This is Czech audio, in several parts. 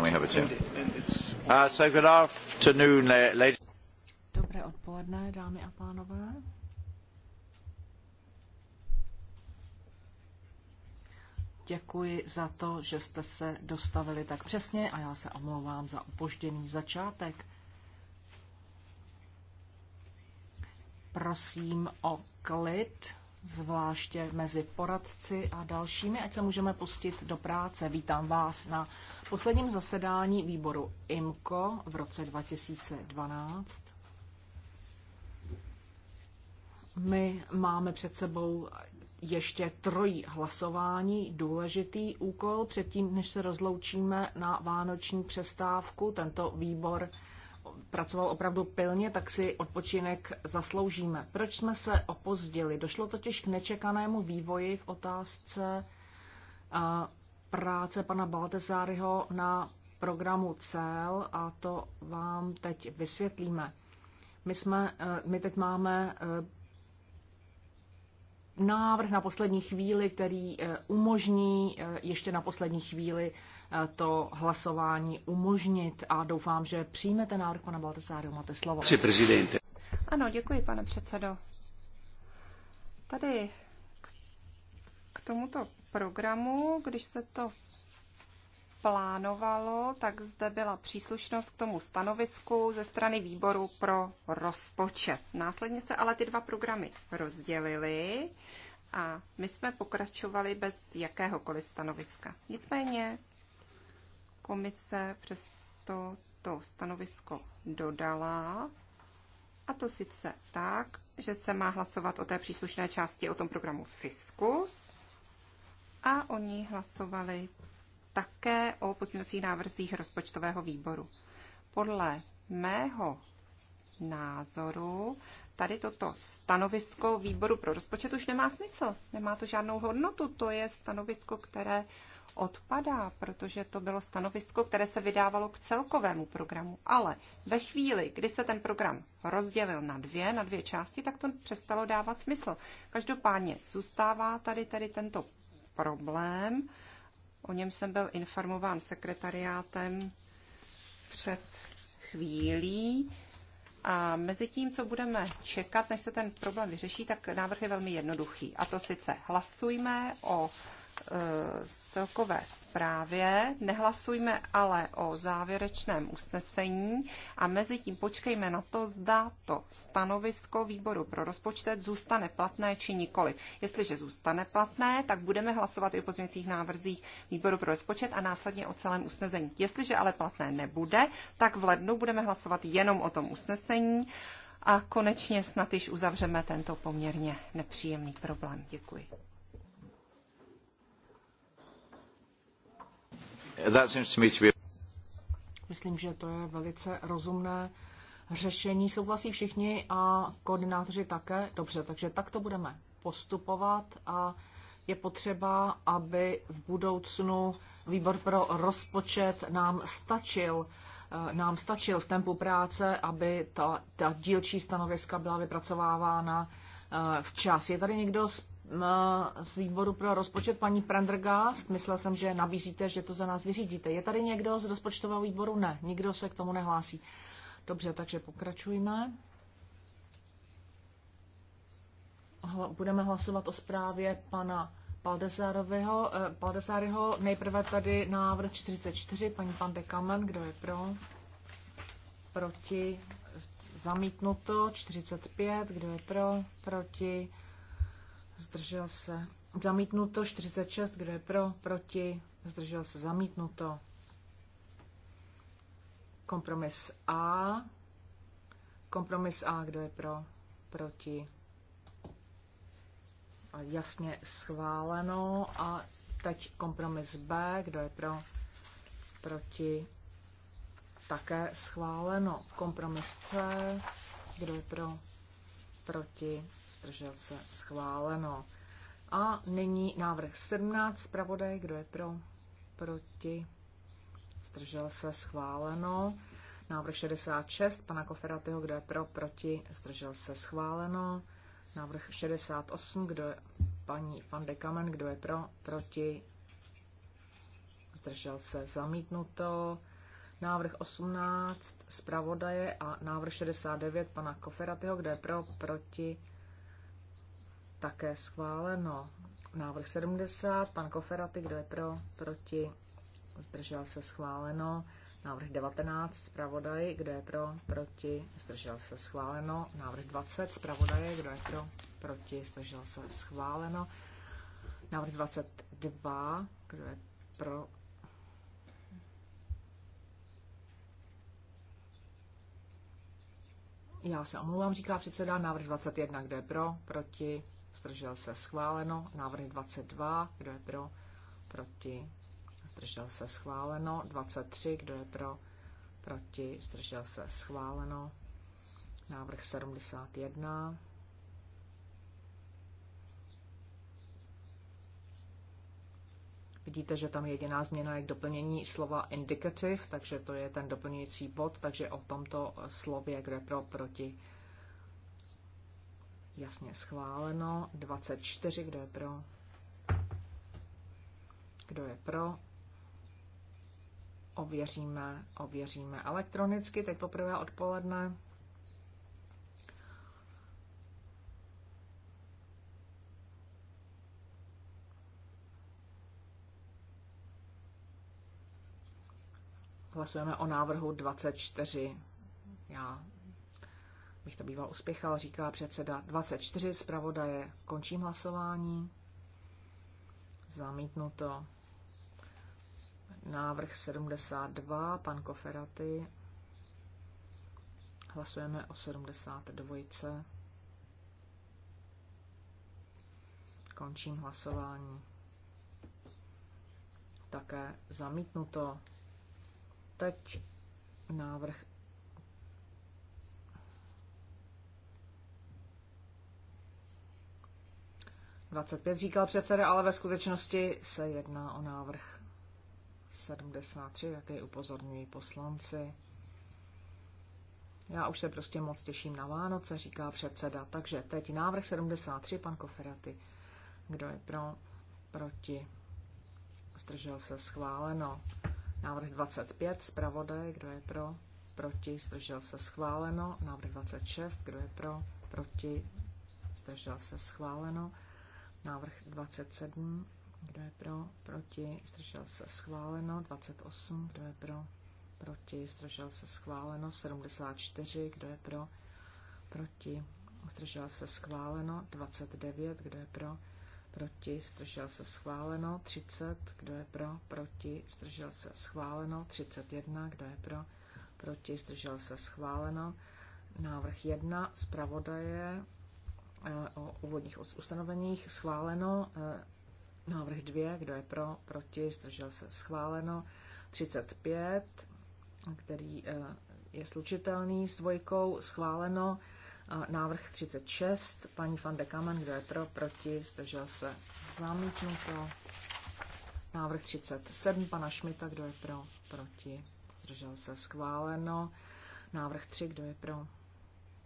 have a Uh, so good afternoon, ladies. Dobré odpoledne, dámy a pánové. Děkuji za to, že jste se dostavili tak přesně a já se omlouvám za opožděný začátek. Prosím o klid, zvláště mezi poradci a dalšími, ať se můžeme pustit do práce. Vítám vás na posledním zasedání výboru IMCO v roce 2012 my máme před sebou ještě trojí hlasování, důležitý úkol předtím, než se rozloučíme na vánoční přestávku. Tento výbor pracoval opravdu pilně, tak si odpočinek zasloužíme. Proč jsme se opozdili? Došlo totiž k nečekanému vývoji v otázce práce pana Baltezáryho na programu CEL a to vám teď vysvětlíme. My, jsme, eh, my teď máme eh, návrh na poslední chvíli, který eh, umožní ještě na poslední chvíli to hlasování umožnit a doufám, že přijmete návrh pana Baltesáriu. Máte slovo. Ano, děkuji, pane předsedo. Tady k tomuto programu, když se to plánovalo, tak zde byla příslušnost k tomu stanovisku ze strany výboru pro rozpočet. Následně se ale ty dva programy rozdělily a my jsme pokračovali bez jakéhokoliv stanoviska. Nicméně komise přesto to stanovisko dodala a to sice tak, že se má hlasovat o té příslušné části o tom programu Fiskus, a oni hlasovali také o pozměňovacích návrzích rozpočtového výboru. Podle mého názoru tady toto stanovisko výboru pro rozpočet už nemá smysl. Nemá to žádnou hodnotu. To je stanovisko, které odpadá, protože to bylo stanovisko, které se vydávalo k celkovému programu. Ale ve chvíli, kdy se ten program rozdělil na dvě, na dvě části, tak to přestalo dávat smysl. Každopádně zůstává tady tady tento problém. O něm jsem byl informován sekretariátem před chvílí. A mezi tím, co budeme čekat, než se ten problém vyřeší, tak návrh je velmi jednoduchý. A to sice hlasujme o Eh, celkové zprávě, nehlasujme ale o závěrečném usnesení a mezi tím počkejme na to, zda to stanovisko výboru pro rozpočet zůstane platné či nikoli. Jestliže zůstane platné, tak budeme hlasovat i o pozměcích návrzích výboru pro rozpočet a následně o celém usnesení. Jestliže ale platné nebude, tak v lednu budeme hlasovat jenom o tom usnesení a konečně snad již uzavřeme tento poměrně nepříjemný problém. Děkuji. Myslím, že to je velice rozumné řešení. Souhlasí všichni a koordinátoři také. Dobře, takže tak to budeme postupovat a je potřeba, aby v budoucnu výbor pro rozpočet nám stačil eh, nám stačil v tempu práce, aby ta, ta dílčí stanoviska byla vypracovávána eh, včas. Je tady někdo z Eh, z výboru pro rozpočet paní Prendergast. Myslel jsem, že nabízíte, že to za nás vyřídíte. Je tady někdo z rozpočtového výboru? Ne, nikdo se k tomu nehlásí. Dobře, takže pokračujme. Budeme hlasovat o zprávě pana eh, Paldesáryho. Nejprve tady návrh 44, paní pan de Kamen, kdo je pro? Proti? Zamítnuto. 45, kdo je pro? Proti? zdržel se, zamítnuto 46, kdo je pro, proti, zdržel se, zamítnuto. Kompromis A, kompromis A, kdo je pro, proti, a jasně schváleno a teď kompromis B, kdo je pro, proti, také schváleno. Kompromis C, kdo je pro, proti, zdržel se, schváleno. A nyní návrh 17, zpravodaj, kdo je pro, proti, zdržel se, schváleno. Návrh 66, pana Koferatyho, kdo je pro, proti, zdržel se, schváleno. Návrh 68, kdo je paní van de Kamen, kdo je pro, proti, zdržel se, zamítnuto. Návrh 18, zpravodaje a návrh 69, pana Koferatyho, kdo je pro, proti, také schváleno. Návrh 70, pan Koferaty, kdo je pro, proti, zdržel se schváleno. Návrh 19, zpravodaj, kdo je pro, proti, zdržel se schváleno. Návrh 20, zpravodaje, kdo je pro, proti, zdržel se schváleno. Návrh 22, kdo je pro, Já se omlouvám, říká předseda. Návrh 21, kdo je pro, proti, zdržel se schváleno. Návrh 22, kdo je pro, proti, zdržel se schváleno. 23, kdo je pro, proti, zdržel se schváleno. Návrh 71. Vidíte, že tam jediná změna je k doplnění slova indicative, takže to je ten doplňující bod, takže o tomto slově, kde pro, proti, Jasně schváleno. 24, kdo je pro? Kdo je pro? Ověříme, ověříme elektronicky, teď poprvé odpoledne. Hlasujeme o návrhu 24. Já bych to býval uspěchal, říká předseda 24 zpravodaje. Končím hlasování. Zamítnuto. Návrh 72, pan Koferaty. Hlasujeme o 72. Končím hlasování. Také zamítnuto. Teď návrh 25, říkal předseda, ale ve skutečnosti se jedná o návrh 73, jaký upozorňují poslanci. Já už se prostě moc těším na Vánoce, říká předseda. Takže teď návrh 73, pan Koferaty. Kdo je pro? Proti? Zdržel se schváleno. Návrh 25, zpravodaj. Kdo je pro? Proti? Zdržel se schváleno. Návrh 26, kdo je pro? Proti? Zdržel se schváleno. Návrh 27, kdo je pro, proti, zdržel se schváleno. 28, kdo je pro, proti, zdržel se schváleno. 74, kdo je pro, proti, zdržel se schváleno. 29, kdo je pro, proti, zdržel se schváleno, 30, kdo je pro, proti, zdržel se schváleno, 31, kdo je pro, proti, zdržel se schváleno, návrh 1, zpravodaje, Eh, o úvodních ustanoveních schváleno. Eh, návrh 2, kdo je pro, proti, zdržel se schváleno. 35, který eh, je slučitelný s dvojkou, schváleno. Návrh 36, paní van de Kamen, kdo je pro, proti, zdržel se zamítnuto. Návrh 37, pana Šmita, kdo je pro, proti, zdržel se schváleno. Návrh 3, kdo je pro,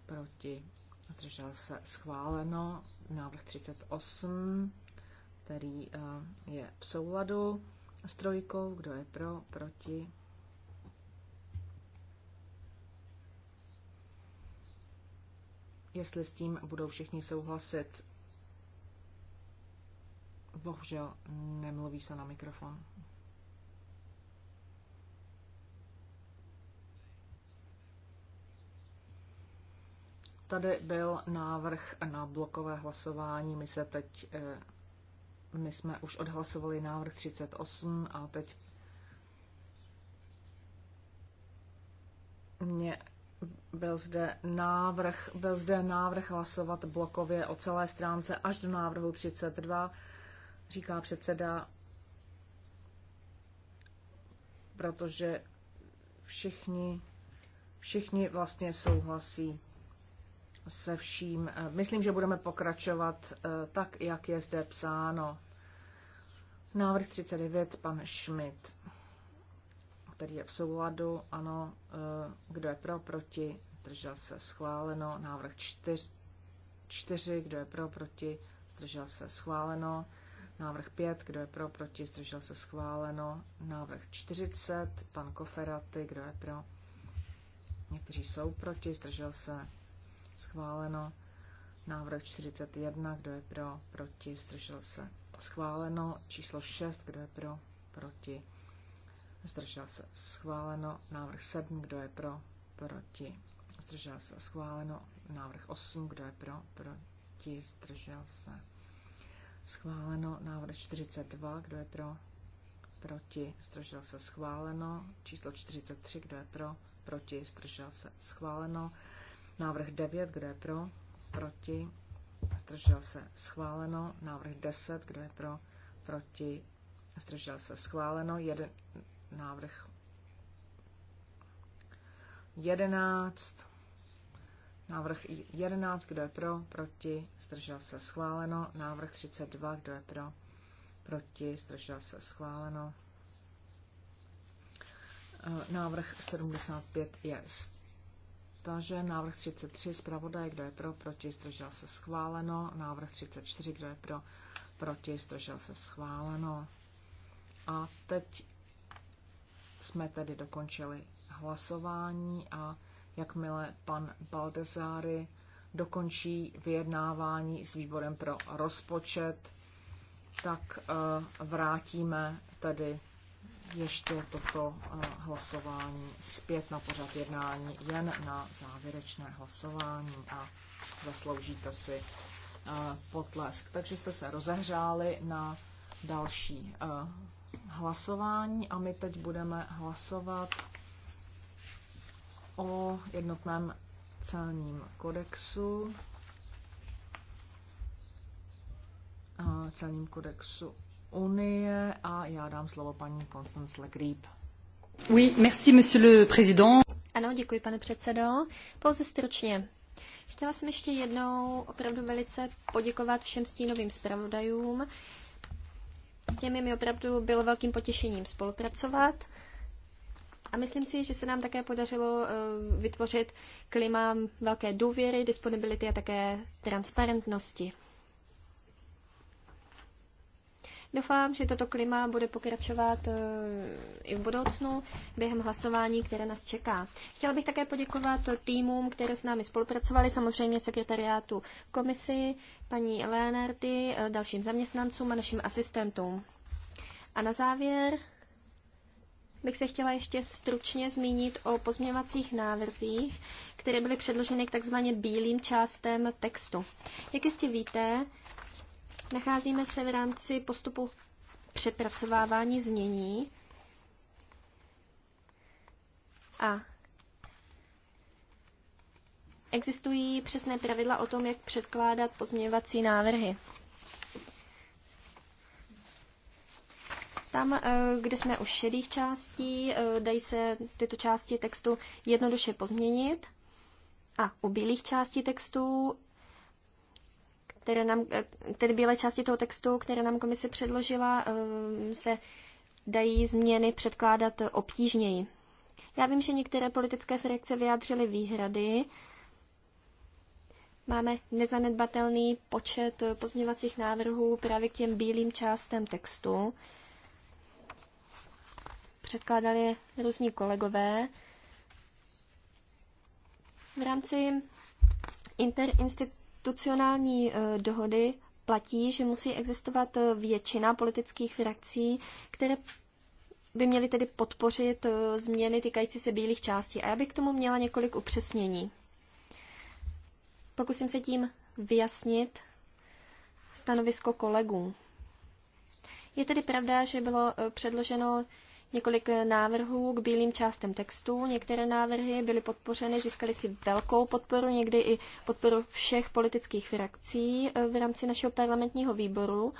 proti, zdržel se schváleno. Návrh 38, který eh, je v souladu s trojkou. Kdo je pro, proti? Jestli s tím budou všichni souhlasit, bohužel nemluví se na mikrofon. Tady byl návrh na blokové hlasování. My se teď, eh, my jsme už odhlasovali návrh 38 a teď mě byl zde návrh, byl zde návrh hlasovat blokově o celé stránce až do návrhu 32, říká předseda, protože všichni, všichni vlastně souhlasí se vším. Eh, myslím, že budeme pokračovat eh, tak, jak je zde psáno. Návrh 39, pan Schmidt, který je v souladu, ano, eh, kdo je pro, proti, zdržel se schváleno. Návrh 4, kdo je pro, proti, zdržel se schváleno. Návrh 5, kdo je pro, proti, zdržel se schváleno. Návrh 40, pan Koferaty, kdo je pro, někteří jsou proti, zdržel se schváleno. Návrh 41, kdo je pro, proti, zdržel se. Schváleno. Číslo 6, kdo je pro, proti, zdržel se. Schváleno. Návrh 7, kdo je pro, proti, zdržel se. Schváleno. Návrh 8, kdo je pro, proti, zdržel se. Schváleno. Návrh 42, kdo je pro, proti, zdržel se. Schváleno. Číslo 43, kdo je pro, proti, zdržel se. Schváleno. Návrh 9, kdo je pro? Proti? Zdržel se schváleno. Návrh 10, kdo je pro? Proti? Zdržel se schváleno. Jeden, návrh 11. Návrh 11, kdo je pro? Proti? Zdržel se schváleno. Návrh 32, kdo je pro? Proti? Zdržel se schváleno. Eh, návrh 75 je stažen. Návrh 33, zpravodaj, kdo je pro, proti, zdržel se schváleno. Návrh 34, kdo je pro, proti, zdržel se schváleno. A teď jsme tedy dokončili hlasování a jakmile pan Baldezáry dokončí vyjednávání s výborem pro rozpočet, tak eh, vrátíme tedy ještě toto eh, hlasování zpět na pořad jednání jen na závěrečné hlasování a zasloužíte si eh, potlesk. Takže jste se rozehřáli na další eh, hlasování a my teď budeme hlasovat o jednotném celním kodexu celním kodexu unie a já dám slovo paní Constance Legrip. Oui, merci, monsieur le président. Ano, děkuji, pane předsedo. Pouze stručně. Chtěla jsem ještě jednou opravdu velice poděkovat všem stínovým zpravodajům. S těmi mi opravdu bylo velkým potěšením spolupracovat. A myslím si, že se nám také podařilo eh, vytvořit klima velké důvěry, disponibility a také transparentnosti. Doufám, že toto klima bude pokračovat eh, i v budoucnu během hlasování, které nás čeká. Chtěla bych také poděkovat týmům, které s námi spolupracovali, samozřejmě sekretariátu komisi, paní Leonardy, eh, dalším zaměstnancům a našim asistentům. A na závěr bych se chtěla ještě stručně zmínit o pozměňovacích návrzích, které byly předloženy k takzvaně bílým částem textu. Jak jistě víte, Nacházíme se v rámci postupu přepracovávání znění a existují přesné pravidla o tom, jak předkládat pozměňovací návrhy. Tam, eh, kde jsme u šedých částí, eh, dají se tyto části textu jednoduše pozměnit a u bílých částí textu které nám, eh, tedy bílé části toho textu, které nám komise předložila, eh, se dají změny předkládat obtížněji. Já vím, že některé politické frakce vyjádřily výhrady. Máme nezanedbatelný počet pozměňovacích návrhů právě k těm bílým částem textu. Předkládali je různí kolegové. V rámci interinstit institucionální eh, dohody platí, že musí existovat eh, většina politických frakcí, které by měly tedy podpořit eh, změny týkající se bílých částí. A já bych k tomu měla několik upřesnění. Pokusím se tím vyjasnit stanovisko kolegů. Je tedy pravda, že bylo předloženo několik návrhů k bílým částem textu. Některé návrhy byly podpořeny, získaly si velkou podporu, někdy i podporu všech politických frakcí eh, v rámci našeho parlamentního výboru.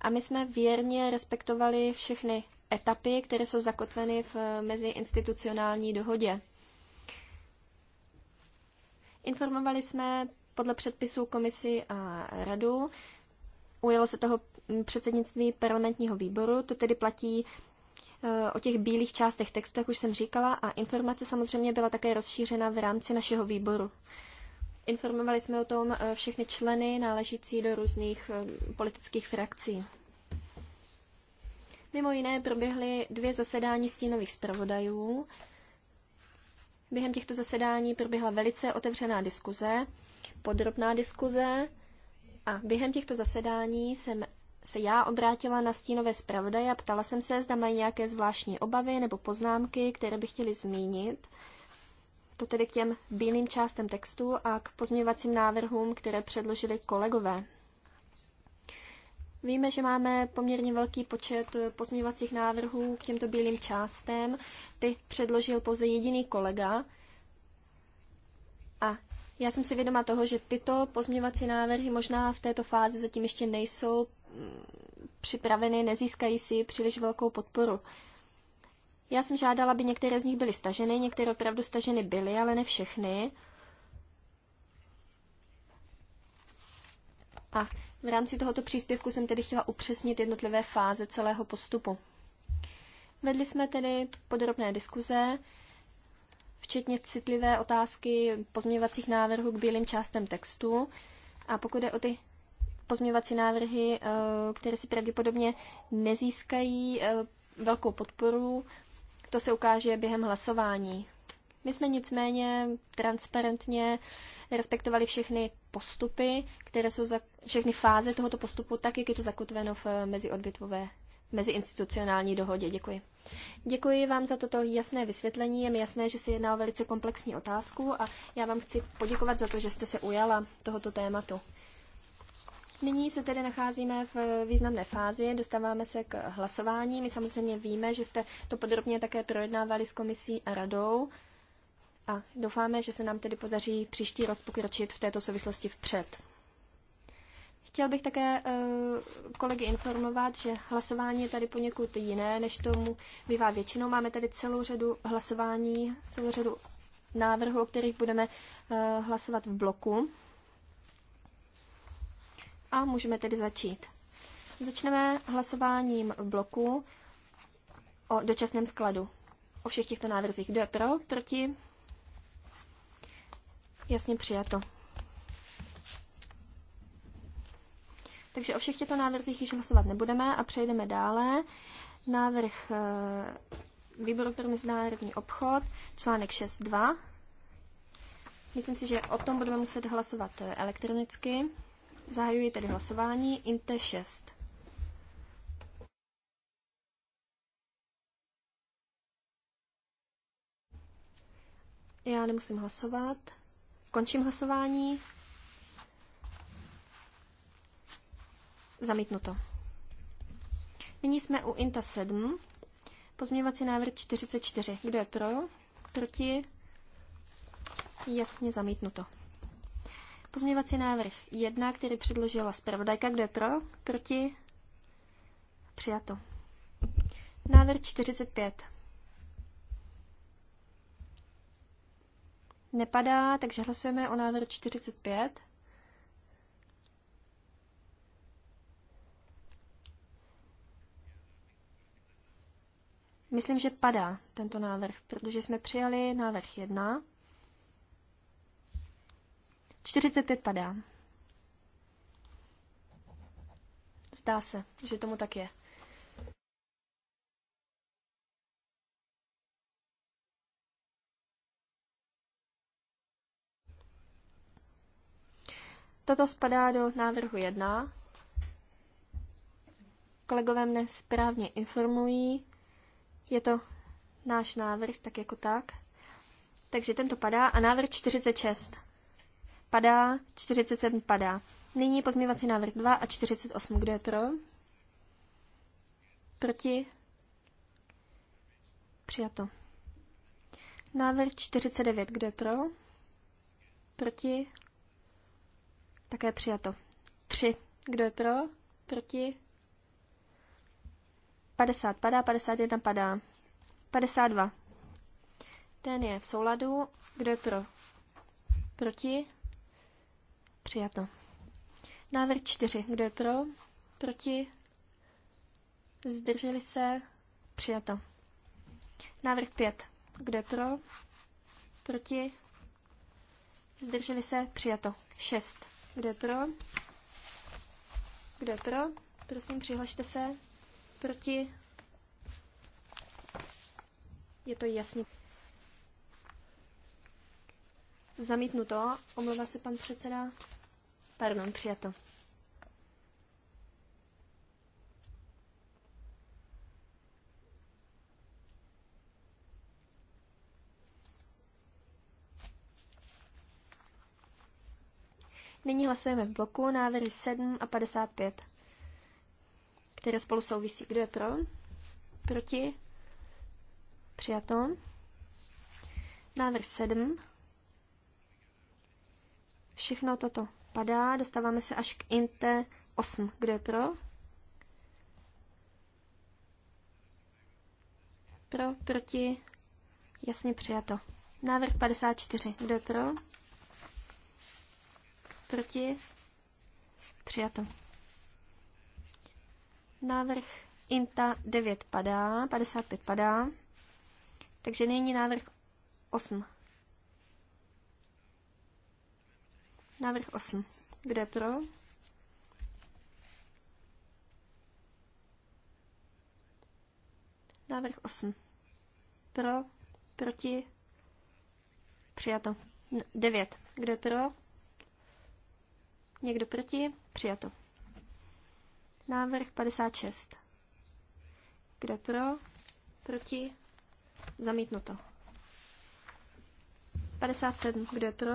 A my jsme věrně respektovali všechny etapy, které jsou zakotveny v eh, meziinstitucionální dohodě. Informovali jsme podle předpisů komisi a radu. Ujelo se toho předsednictví parlamentního výboru. To tedy platí eh, o těch bílých částech textu, jak už jsem říkala, a informace samozřejmě byla také rozšířena v rámci našeho výboru. Informovali jsme o tom eh, všechny členy náležící do různých eh, politických frakcí. Mimo jiné proběhly dvě zasedání stínových zpravodajů. Během těchto zasedání proběhla velice otevřená diskuze, podrobná diskuze a během těchto zasedání jsem se já obrátila na stínové zpravodaje a ptala jsem se, zda mají nějaké zvláštní obavy nebo poznámky, které by chtěli zmínit. To tedy k těm bílým částem textu a k pozměňovacím návrhům, které předložili kolegové. Víme, že máme poměrně velký počet pozměňovacích návrhů k těmto bílým částem. Ty předložil pouze jediný kolega. A já jsem si vědoma toho, že tyto pozměňovací návrhy možná v této fázi zatím ještě nejsou připraveny, nezískají si příliš velkou podporu. Já jsem žádala, aby některé z nich byly staženy, některé opravdu staženy byly, ale ne všechny. A v rámci tohoto příspěvku jsem tedy chtěla upřesnit jednotlivé fáze celého postupu. Vedli jsme tedy podrobné diskuze, včetně citlivé otázky pozměňovacích návrhů k bílým částem textu. A pokud je o ty pozměvací návrhy, eh, které si pravděpodobně nezískají eh, velkou podporu. To se ukáže během hlasování. My jsme nicméně transparentně respektovali všechny postupy, které jsou za, všechny fáze tohoto postupu, tak jak je to zakotveno v eh, meziodbitvové meziinstitucionální dohodě. Děkuji. Děkuji vám za toto jasné vysvětlení. Je mi jasné, že se jedná o velice komplexní otázku a já vám chci poděkovat za to, že jste se ujala tohoto tématu. Nyní se tedy nacházíme v významné fázi, dostáváme se k hlasování. My samozřejmě víme, že jste to podrobně také projednávali s komisí a radou a doufáme, že se nám tedy podaří příští rok pokročit v této souvislosti vpřed. Chtěl bych také eh, kolegy informovat, že hlasování je tady poněkud jiné, než tomu bývá většinou. Máme tady celou řadu hlasování, celou řadu návrhů, o kterých budeme eh, hlasovat v bloku a můžeme tedy začít. Začneme hlasováním v bloku o dočasném skladu. O všech těchto návrzích. Kdo je pro, proti? Jasně přijato. Takže o všech těchto návrzích již hlasovat nebudeme a přejdeme dále. Návrh eh, výboru pro mezinárodní obchod, článek 6.2. Myslím si, že o tom budeme muset hlasovat eh, elektronicky. Zahajuji tedy hlasování. Inte 6. Já nemusím hlasovat. Končím hlasování. Zamítnuto. Nyní jsme u INTA 7. Pozměňovací návrh 44. Kdo je pro? Proti? Jasně zamítnuto. Pozměvací návrh 1, který předložila zpravodajka. Kdo je pro? Proti? Přijato. Návrh 45. Nepadá, takže hlasujeme o návrhu 45. Myslím, že padá tento návrh, protože jsme přijali návrh 1. 45 padá. Zdá se, že tomu tak je. Toto spadá do návrhu 1. Kolegové mne správně informují. Je to náš návrh, tak jako tak. Takže tento padá a návrh 46 padá, 47 padá. Nyní pozměvací návrh 2 a 48. Kdo je pro? Proti? Přijato. Návrh 49. Kdo je pro? Proti? Také přijato. 3. Kdo je pro? Proti? 50 padá, 51 padá. 52. Ten je v souladu. Kdo je pro? Proti? Přijato. Návrh čtyři. Kdo je pro? Proti? Zdrželi se? Přijato. Návrh pět. Kdo je pro? Proti? Zdrželi se? Přijato. Šest. Kdo je pro? Kdo je pro? Prosím, přihlašte se. Proti? Je to jasný. Zamítnuto. Omlouvá se pan předseda. Pardon, přijato. Nyní hlasujeme v bloku návrhy 7 a 55, které spolu souvisí. Kdo je pro? Proti? Přijato. Návrh 7 Všechno toto padá, dostáváme se až k INTE 8. Kdo je pro? Pro, proti, jasně přijato. Návrh 54. Kdo je pro? Proti? Přijato. Návrh INTA 9 padá, 55 padá. Takže nyní návrh 8. Návrh 8. Kdo je pro? Návrh 8. Pro, proti, přijato. 9. Kdo je pro? Někdo proti? Přijato. Návrh 56. Kdo je pro? Proti? Zamítnuto. 57. Kdo je pro?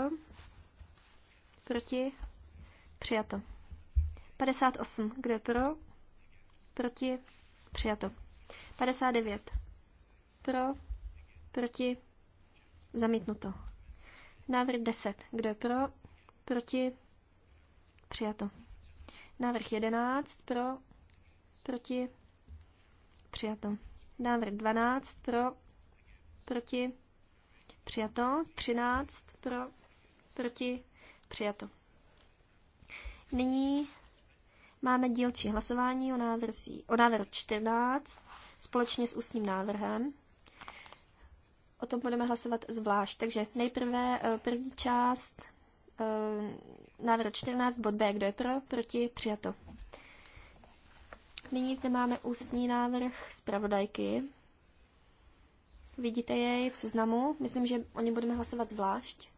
Proti? Přijato. 58. Kdo je pro? Proti? Přijato. 59. Pro? Proti? Zamítnuto. Návrh 10. Kdo je pro? Proti? Přijato. Návrh 11. Pro? Proti? Přijato. Návrh 12. Pro? Proti? Přijato. 13. Pro? Proti? Přijato. Nyní máme dílčí hlasování o, návrzí, o návrhu 14 společně s ústním návrhem. O tom budeme hlasovat zvlášť. Takže nejprve eh, první část eh, návrhu 14, bod B, kdo je pro, proti, přijato. Nyní zde máme ústní návrh zpravodajky. Vidíte jej v seznamu. Myslím, že o něm budeme hlasovat zvlášť.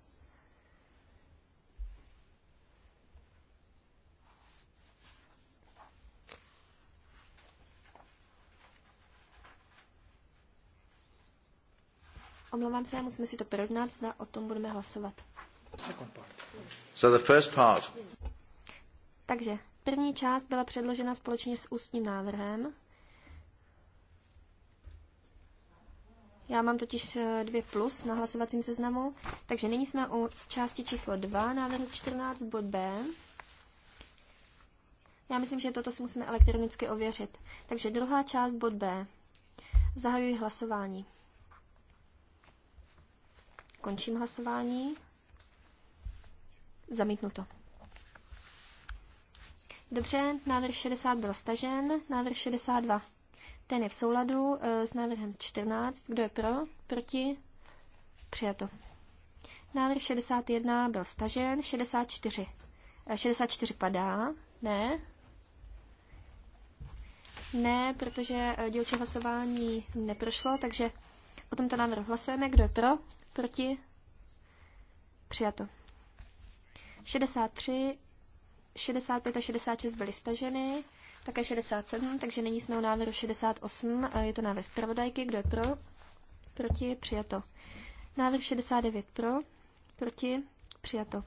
Omlouvám se, musíme si to projednat, zda o tom budeme hlasovat. So the first part. Takže první část byla předložena společně s ústním návrhem. Já mám totiž eh, dvě plus na hlasovacím seznamu, takže nyní jsme u části číslo 2, návrhu 14, bod B. Já myslím, že toto si musíme elektronicky ověřit. Takže druhá část, bod B. Zahajuji hlasování. Končím hlasování. Zamítnuto. Dobře, návrh 60 byl stažen, návrh 62. Ten je v souladu e, s návrhem 14. Kdo je pro? Proti? Přijato. Návrh 61 byl stažen, 64. 64 e, padá, ne? Ne, protože e, dílčí hlasování neprošlo, takže o tomto návrhu hlasujeme. Kdo je pro? proti, přijato. 63, 65 a 66 byly staženy, také 67, takže nyní jsme u návrhu 68, a je to návrh zpravodajky, kdo je pro, proti, přijato. Návrh 69 pro, proti, přijato.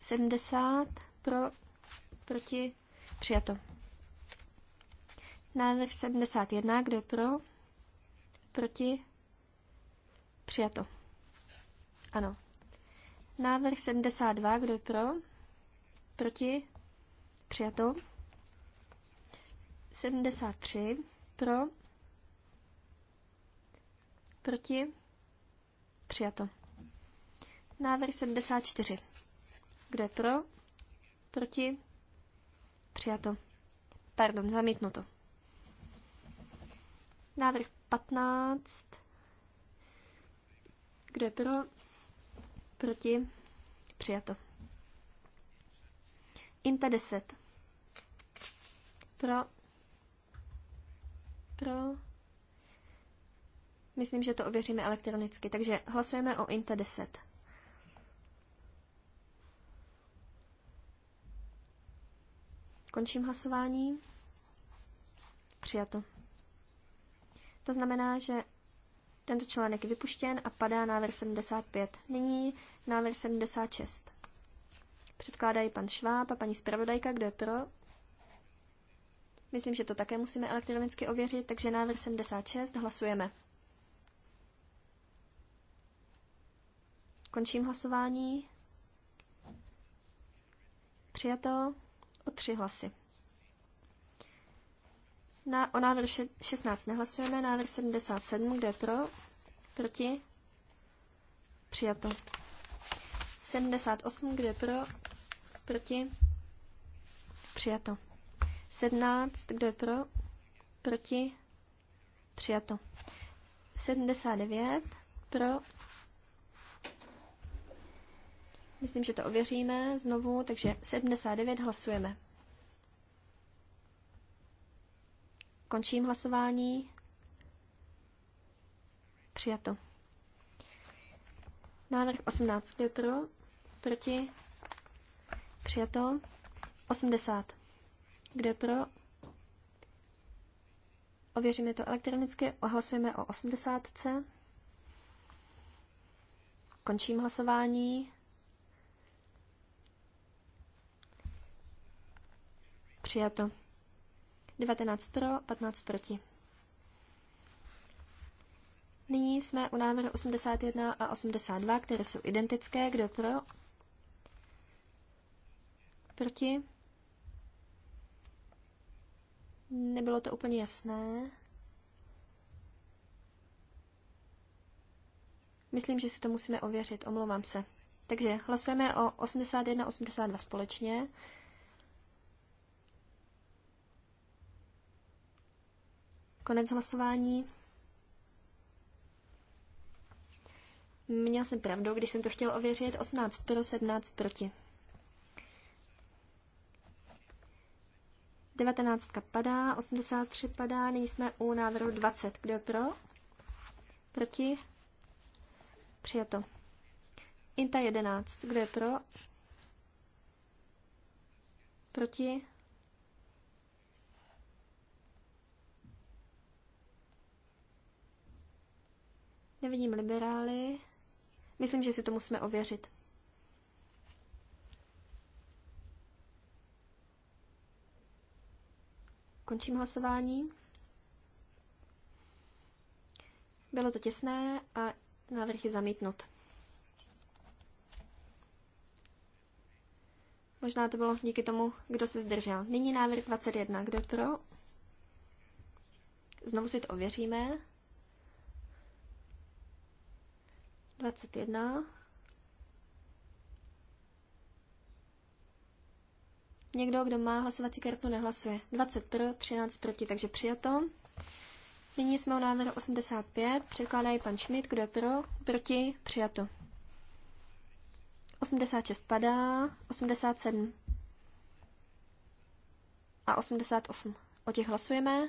70 pro, proti, přijato. Návrh 71, kdo je pro, proti, přijato. Ano. Návrh 72, kdo je pro? Proti? Přijato. 73, pro? Proti? Přijato. Návrh 74. Kdo je pro? Proti? Přijato. Pardon, zamítnuto. Návrh 15. Kdo je pro? Proti? Přijato. Inta 10. Pro. Pro. Myslím, že to ověříme elektronicky, takže hlasujeme o INTA 10. Končím hlasování. Přijato. To znamená, že tento článek je vypuštěn a padá návrh 75. Nyní návrh 76. Předkládají pan Šváb a paní zpravodajka, kdo je pro. Myslím, že to také musíme elektronicky ověřit, takže návrh 76 hlasujeme. Končím hlasování. Přijato o tři hlasy. Na, o návrhu 16 nehlasujeme, návrh 77, kdo je pro, proti, přijato. 78, kdo je pro, proti, přijato. 17, kdo je pro, proti, přijato. 79, pro, myslím, že to ověříme znovu, takže 79 hlasujeme. Končím hlasování. Přijato. Návrh 18. Kdo pro? Proti? Přijato. 80. Kdo pro? Ověříme to elektronicky. Ohlasujeme o 80. Končím hlasování. Přijato. 19 pro, 15 proti. Nyní jsme u návrhu 81 a 82, které jsou identické. Kdo pro? Proti? Nebylo to úplně jasné. Myslím, že si to musíme ověřit, omlouvám se. Takže hlasujeme o 81 a 82 společně. Konec hlasování. Měl jsem pravdu, když jsem to chtěl ověřit. 18 pro, 17 proti. 19 padá, 83 padá, nyní jsme u návrhu 20. Kdo je pro? Proti? Přijato. Inta 11. Kdo je pro? Proti? Nevidím liberály. Myslím, že si to musíme ověřit. Končím hlasování. Bylo to těsné a návrh je zamítnut. Možná to bylo díky tomu, kdo se zdržel. Nyní návrh 21. Kdo pro? Znovu si to ověříme. 21. Někdo, kdo má hlasovací kartu, nehlasuje. 20 pro, 13 proti, takže přijato. Nyní jsme u návrhu 85, předkládají pan Schmidt, kdo je pro, proti, přijato. 86 padá, 87 a 88. O těch hlasujeme.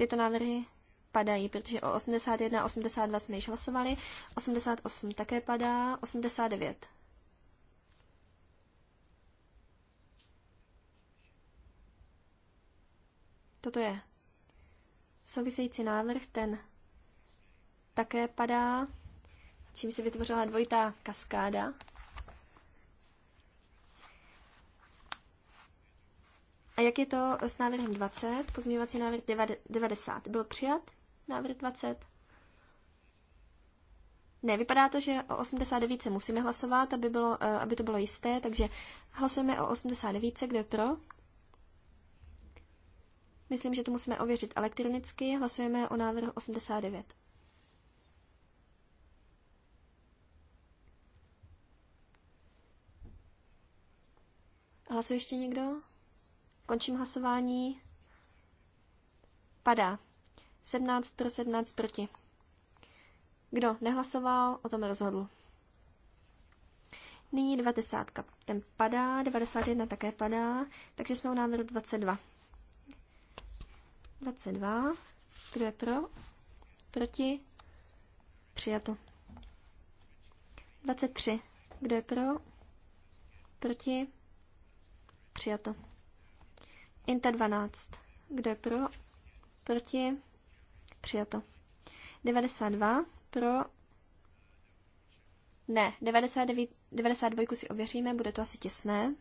tyto návrhy padají, protože o 81 a 82 jsme již hlasovali, 88 také padá, 89. Toto je související návrh, ten také padá, čím se vytvořila dvojitá kaskáda. A jak je to s návrhem 20? Pozměňovací návrh 90 byl přijat? Návrh 20? Ne, vypadá to, že o 89 se musíme hlasovat, aby, bylo, eh, aby to bylo jisté, takže hlasujeme o 89, kdo je pro? Myslím, že to musíme ověřit elektronicky, hlasujeme o návrhu 89. Hlasuje ještě někdo? Končím hlasování. Padá. 17 pro 17 proti. Kdo nehlasoval, o tom rozhodl. Nyní 20. Ten padá, 91 také padá, takže jsme u návrhu 22. 22. Kdo je pro? Proti? Přijato. 23. Kdo je pro? Proti? Přijato. Inta 12. Kdo je pro? Proti? Přijato. 92 pro... Ne, 99, 92 si ověříme, bude to asi těsné.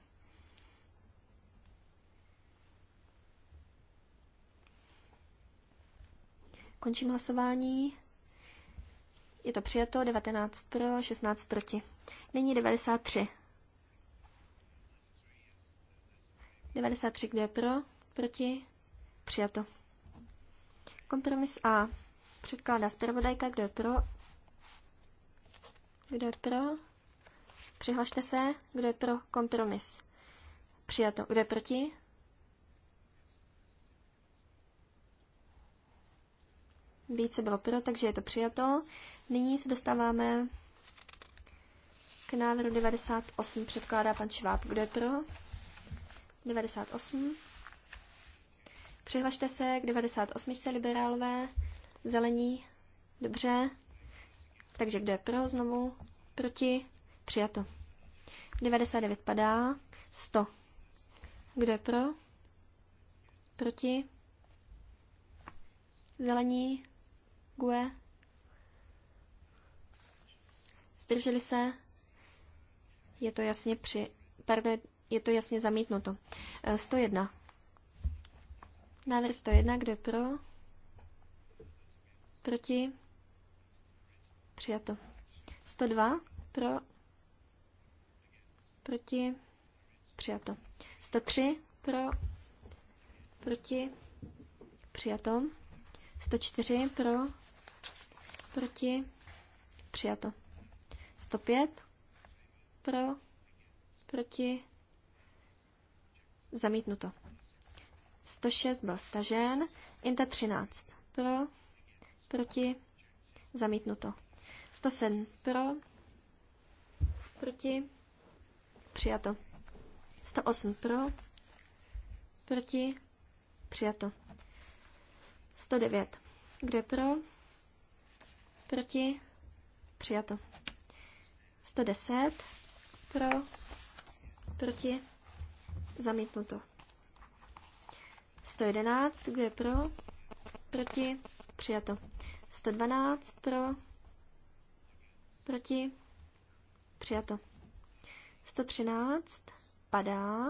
Končím hlasování. Je to přijato, 19 pro, 16 proti. Nyní 93. 93, kdo je pro? Proti? Přijato. Kompromis A. Předkládá zpravodajka, kdo je pro? Kdo je pro? Přihlašte se, kdo je pro kompromis. Přijato. Kdo je proti? Více bylo pro, takže je to přijato. Nyní se dostáváme k návrhu 98, předkládá pan Šváb. Kdo je pro? 98. Přihlašte se k 98. liberálové, zelení, dobře. Takže kdo je pro znovu, proti, přijato. 99 padá, 100. Kdo je pro, proti, zelení, gue, zdrželi se, je to jasně při, pardon, je to jasně zamítnuto. 101. Eh, Návrh 101, kdo je pro? Proti? Přijato. 102 pro? Proti? Přijato. 103 pro? Proti? Přijato. 104 pro? Proti? Přijato. 105 pro? Proti? Zamítnuto. 106 byl stažen. Inta 13 pro. Proti. Zamítnuto. 107 pro. Proti. Přijato. 108 pro. Proti. Přijato. 109. Kdo je pro? Proti? Přijato. 110. Pro? Proti? Zamítnuto. 111, kdo je pro? Proti? Přijato. 112 pro? Proti? Přijato. 113 padá.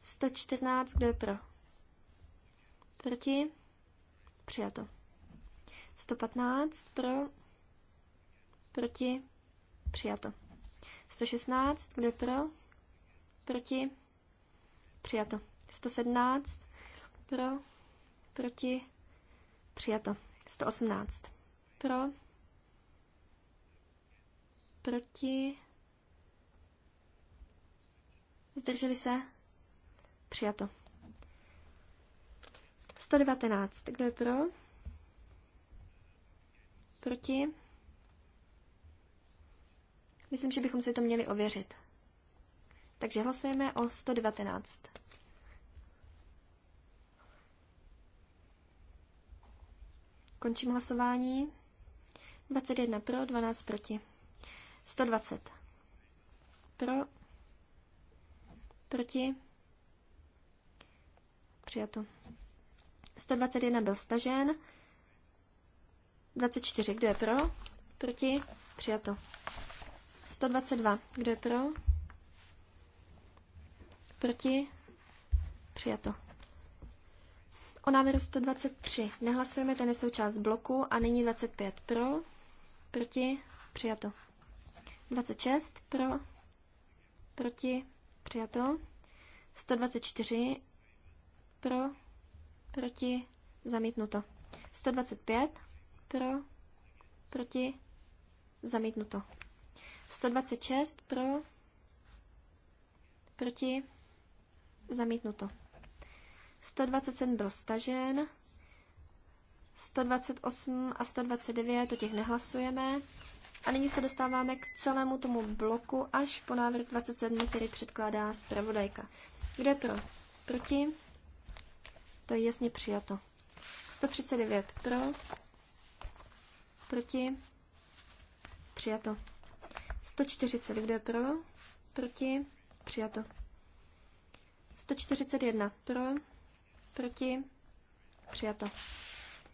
114, kdo je pro? Proti? Přijato. 115 pro? Proti? Přijato. 116, kdo je pro? Proti? Přijato. 117 pro, proti, přijato. 118 pro, proti, zdrželi se, přijato. 119, kdo je pro? Proti? Myslím, že bychom si to měli ověřit. Takže hlasujeme o 119. Končím hlasování. 21 pro, 12 proti. 120. Pro. Proti. Přijato. 121 byl stažen. 24. Kdo je pro? Proti? Přijato. 122. Kdo je pro? Proti? Přijato. O návrhu 123 nehlasujeme, ten je součást bloku a nyní 25 pro, proti, přijato. 26 pro, proti, přijato. 124 pro, proti, zamítnuto. 125 pro, proti, zamítnuto. 126 pro, proti, Zamítnuto. 127 byl stažen. 128 a 129, o těch nehlasujeme. A nyní se dostáváme k celému tomu bloku až po návrh 27, který předkládá zpravodajka. Kdo je pro? Proti? To je jasně přijato. 139 pro, proti, přijato. 140, kdo je pro, proti, přijato. 141 pro, proti, přijato.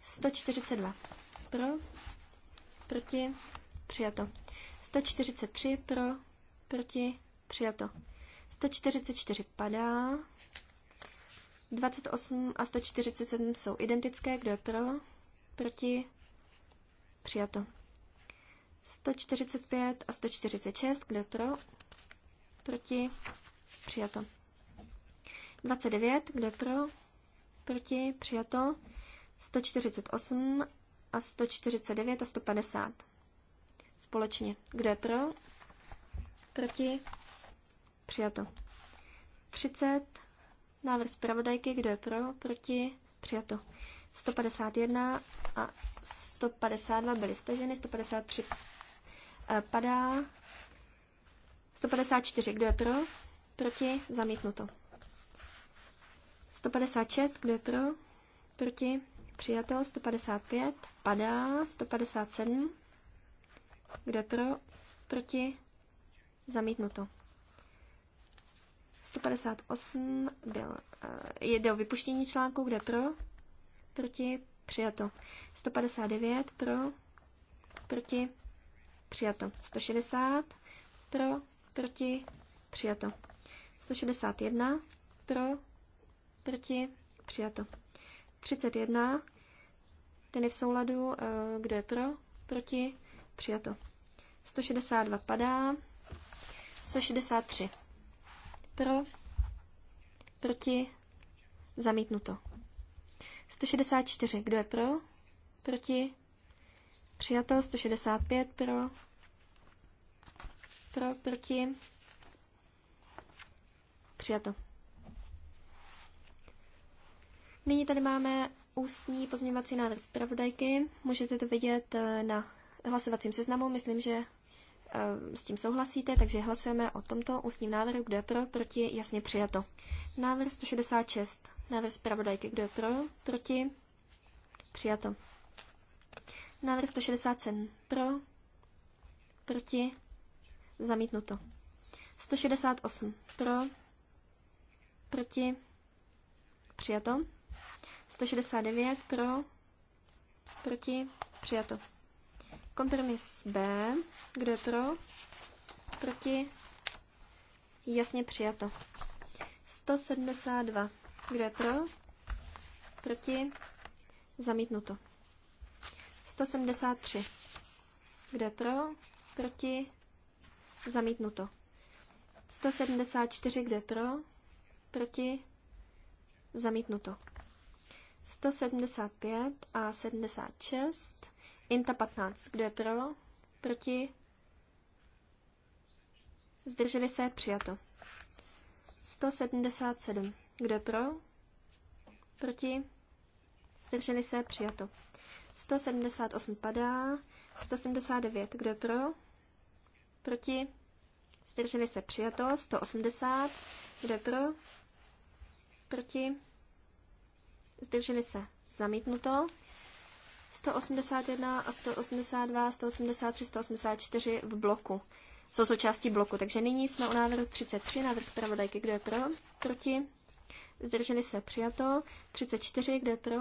142 pro, proti, přijato. 143 pro, proti, přijato. 144 padá. 28 a 147 jsou identické, kdo je pro, proti, přijato. 145 a 146, kdo je pro, proti, přijato. 29, kde pro, proti, přijato. 148 a 149 a 150. Společně. Kde pro, proti, přijato. 30, návrh zpravodajky, kdo je pro, proti, přijato. 151 a 152 byly staženy, 153 eh, padá. 154, kdo je pro? Proti? Zamítnuto. 156, kdo je pro? Proti? Přijato. 155, padá. 157, kdo je pro? Proti? Zamítnuto. 158 byl, uh, jde o vypuštění článku, kde pro, proti, přijato. 159 pro, proti, přijato. 160 pro, proti, přijato. 161 pro, Proti? Přijato. 31. Ten je v souladu. Eh, kdo je pro? Proti? Přijato. 162 padá. 163. Pro? Proti? Zamítnuto. 164. Kdo je pro? Proti? Přijato. 165. Pro? Pro? Proti? Přijato. Nyní tady máme ústní pozměňovací návrh zpravodajky. Můžete to vidět eh, na hlasovacím seznamu. Myslím, že eh, s tím souhlasíte, takže hlasujeme o tomto ústním návrhu, kdo je pro, proti, jasně přijato. Návrh 166, návrh zpravodajky, kdo je pro, proti, přijato. Návrh 167, pro, proti, zamítnuto. 168, pro, proti, přijato. 169 pro, proti, přijato. Kompromis B, kdo je pro, proti, jasně přijato. 172, kdo je pro, proti, zamítnuto. 173, kdo je pro, proti, zamítnuto. 174, kdo je pro, proti, zamítnuto. 175 a 76, INTA 15. Kdo je pro? Proti? Zdrželi se? Přijato. 177. Kdo je pro? Proti? Zdrželi se? Přijato. 178 padá. 179. Kdo je pro? Proti? Zdrželi se? Přijato. 180. Kdo je pro? Proti? zdrželi se, zamítnuto. 181 a 182, 183, 184 v bloku. Jsou součástí bloku. Takže nyní jsme u návrhu 33, návrh zpravodajky, kdo je pro, proti, zdrželi se, přijato. 34, kdo je pro,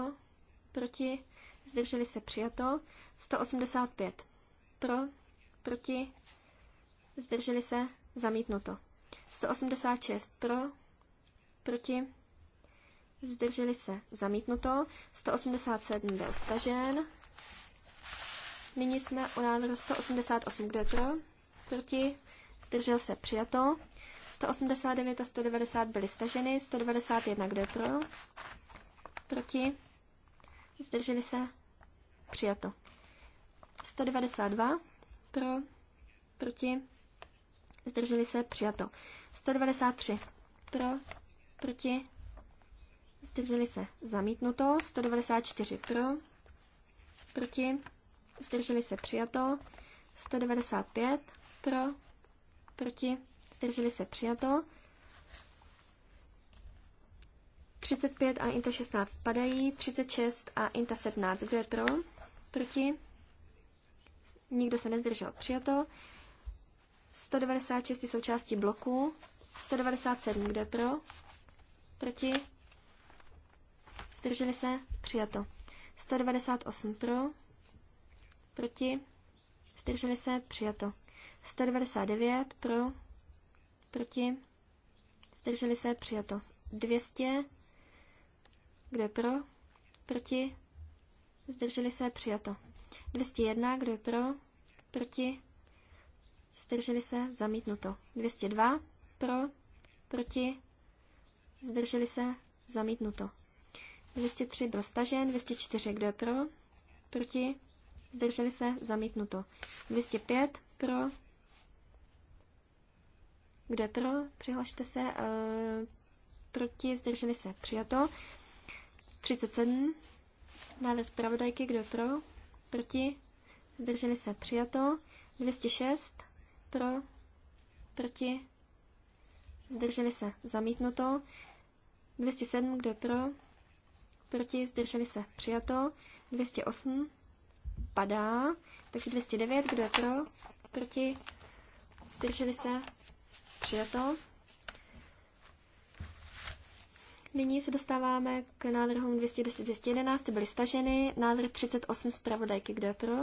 proti, zdrželi se, přijato. 185, pro, proti, zdrželi se, zamítnuto. 186, pro, proti, zdrželi se, zamítnuto, 187 byl stažen. Nyní jsme u návrhu 188, kdo je pro, proti, zdržel se, přijato. 189 a 190 byly staženy, 191 kdo je pro, proti, zdrželi se, přijato. 192 pro, proti, zdrželi se, přijato. 193 pro, proti, zdrželi se zamítnuto, 194 pro, proti, zdrželi se přijato, 195 pro, proti, zdrželi se přijato, 35 a INTA 16 padají, 36 a INTA 17, kdo je pro, proti, nikdo se nezdržel přijato, 196 jsou bloku, 197, kdo je pro, proti, Zdrželi se? Přijato. 198 pro. Proti. Zdrželi se? Přijato. 199 pro. Proti. Zdrželi se? Přijato. 200. Kdo je pro? Proti. Zdrželi se? Přijato. 201. Kdo je pro? Proti. Zdrželi se? Zamítnuto. 202 pro. Proti. Zdrželi se? Zamítnuto. 203 byl stažen, 204 kdo je pro, proti, zdrželi se, zamítnuto. 205 pro, kdo je pro, přihlašte se, uh, proti, zdrželi se, přijato. 37, návrh zpravodajky, kdo je pro, proti, zdrželi se, přijato. 206 pro, proti, zdrželi se, zamítnuto. 207, kdo je pro, proti, zdrželi se, přijato. 208 padá, takže 209, kdo je pro, proti, zdrželi se, přijato. Nyní se dostáváme k návrhům 210-211, ty byly staženy. Návrh 38 zpravodajky, kdo je pro?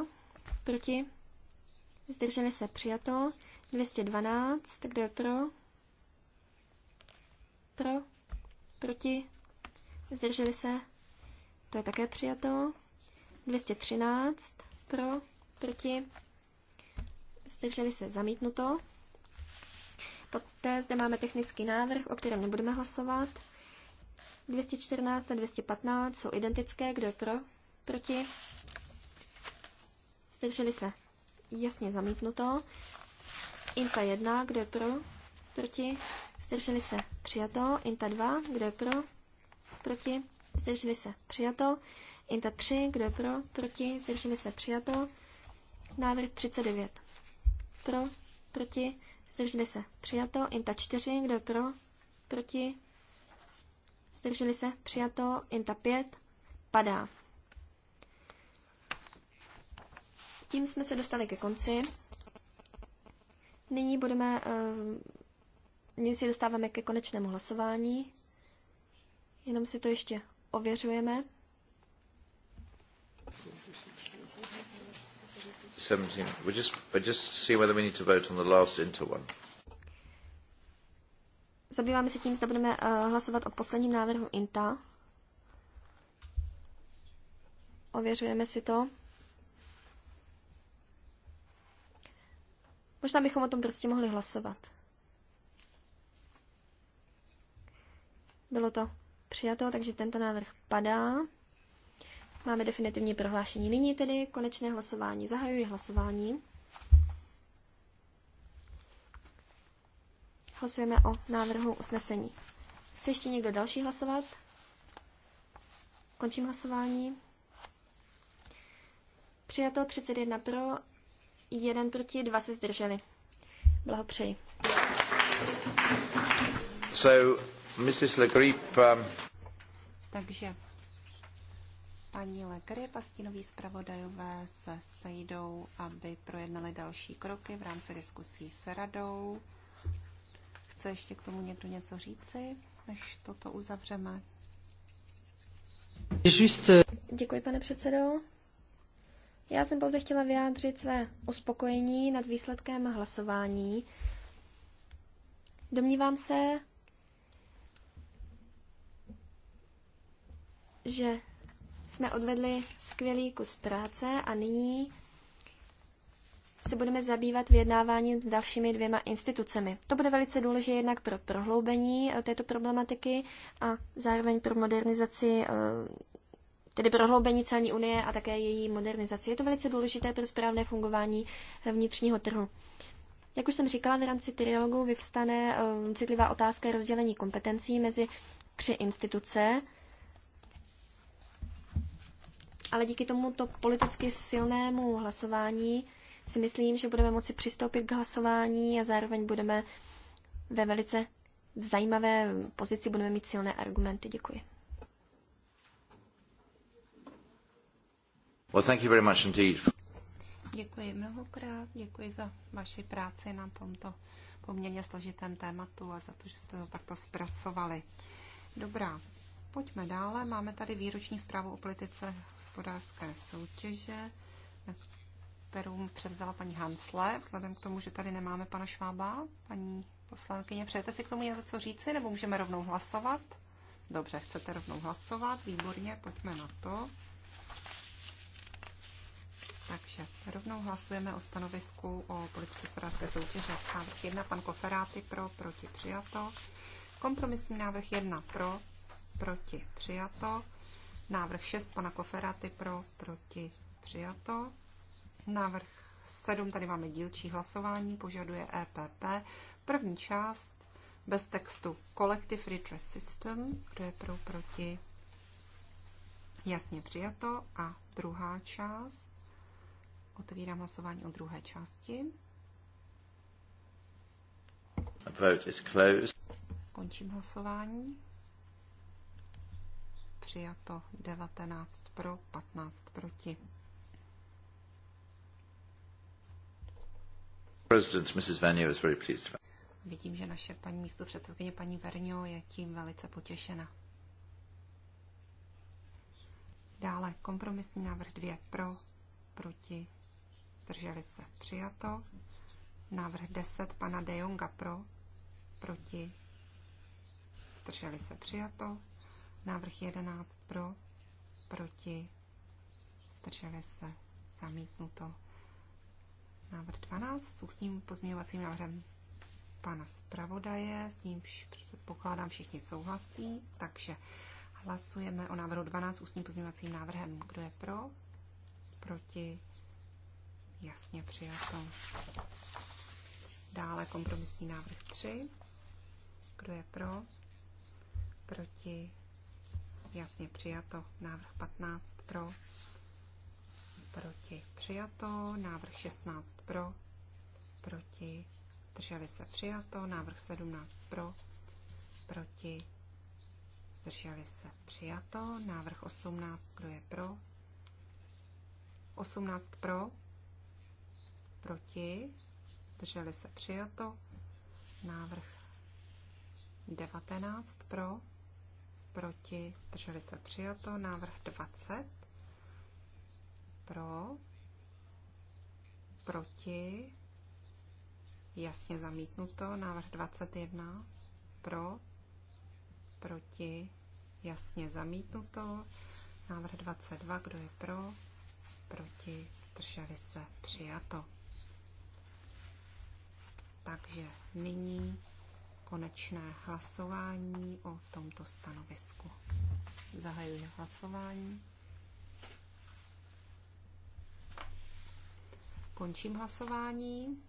Proti? Zdrželi se přijato. 212, kdo je pro? Pro? Proti? Zdrželi se to je také přijato. 213 pro, proti, zdrželi se zamítnuto. Poté zde máme technický návrh, o kterém nebudeme hlasovat. 214 a 215 jsou identické, kdo je pro, proti, zdrželi se jasně zamítnuto. Inta 1, kdo je pro, proti, zdrželi se přijato. Inta 2, kdo je pro, proti, zdrželi se, přijato. Inta 3, kdo je pro, proti, zdrželi se, přijato. Návrh 39, pro, proti, zdrželi se, přijato. Inta 4, kdo je pro, proti, zdrželi se, přijato. Inta 5, padá. Tím jsme se dostali ke konci. Nyní budeme, eh, nyní si dostáváme ke konečnému hlasování. Jenom si to ještě ověřujeme. 17. Zabýváme se tím, zda budeme uh, hlasovat o posledním návrhu INTA. Ověřujeme si to. Možná bychom o tom prostě mohli hlasovat. Bylo to přijato, takže tento návrh padá. Máme definitivní prohlášení. Nyní tedy konečné hlasování. Zahajuji hlasování. Hlasujeme o návrhu usnesení. Chce ještě někdo další hlasovat? Končím hlasování. Přijato 31 pro, 1 proti, 2 se zdrželi. Blahopřeji. So, Um, Takže paní Le Grip a stínoví zpravodajové se sejdou, aby projednali další kroky v rámci diskusí s radou. Chce ještě k tomu někdo něco říci, než toto uzavřeme? Just... Děkuji, pane předsedo. Já jsem pouze chtěla vyjádřit své uspokojení nad výsledkem hlasování. Domnívám se, že jsme odvedli skvělý kus práce a nyní se budeme zabývat vyjednáváním s dalšími dvěma institucemi. To bude velice důležité jednak pro prohloubení eh, této problematiky a zároveň pro modernizaci, eh, tedy prohloubení celní unie a také její modernizaci. Je to velice důležité pro správné fungování eh, vnitřního trhu. Jak už jsem říkala, v rámci trialogu vyvstane citlivá otázka rozdělení kompetencí mezi tři instituce, ale díky tomuto politicky silnému hlasování si myslím, že budeme moci přistoupit k hlasování a zároveň budeme ve velice zajímavé pozici, budeme mít silné argumenty. Děkuji. Well, thank you very much indeed. Děkuji mnohokrát, děkuji za vaši práci na tomto poměrně složitém tématu a za to, že jste to takto zpracovali. Dobrá, Pojďme dále. Máme tady výroční zprávu o politice hospodářské soutěže, kterou převzala paní Hansle, vzhledem k tomu, že tady nemáme pana Švába. Paní poslankyně, přejete si k tomu něco říci, nebo můžeme rovnou hlasovat? Dobře, chcete rovnou hlasovat, výborně, pojďme na to. Takže rovnou hlasujeme o stanovisku o politice hospodářské soutěže. Návrh 1, pan Koferáty pro, proti přijato. Kompromisní návrh 1 pro, proti, přijato. Návrh 6 pana Koferaty pro, proti, přijato. Návrh 7, tady máme dílčí hlasování, požaduje EPP. První část bez textu Collective Redress System, kdo je pro, proti, jasně přijato. A druhá část, otevírám hlasování o druhé části. A vote is closed. Končím hlasování přijato 19 pro, 15 proti. President, Mrs. Vanio is very pleased. Vidím, že naše paní místo předsedkyně paní Vernio je tím velice potěšena. Dále kompromisní návrh 2 pro, proti, zdrželi se přijato. Návrh 10 pana De Jonga pro, proti, zdrželi se přijato. Návrh 11 pro, proti, zdrželi se, zamítnuto. Návrh 12 s ústním pozměňovacím návrhem pana zpravodaje, s nímž pokládám všichni souhlasí, takže hlasujeme o návrhu 12 ústním pozměňovacím návrhem. Kdo je pro? Proti? Jasně přijato. Dále kompromisní návrh 3. Kdo je pro? Proti? jasně přijato. Návrh 15 pro, proti přijato. Návrh 16 pro, proti zdrželi se přijato. Návrh 17 pro, proti zdrželi se přijato. Návrh 18, kdo je pro? 18 pro, proti zdrželi se přijato. Návrh 19 pro, proti, zdrželi se přijato. Návrh 20 pro, proti, jasně zamítnuto. Návrh 21 pro, proti, jasně zamítnuto. Návrh 22, kdo je pro, proti, zdrželi se přijato. Takže nyní konečné hlasování o tomto stanovisku. Zahajuji hlasování. Končím hlasování.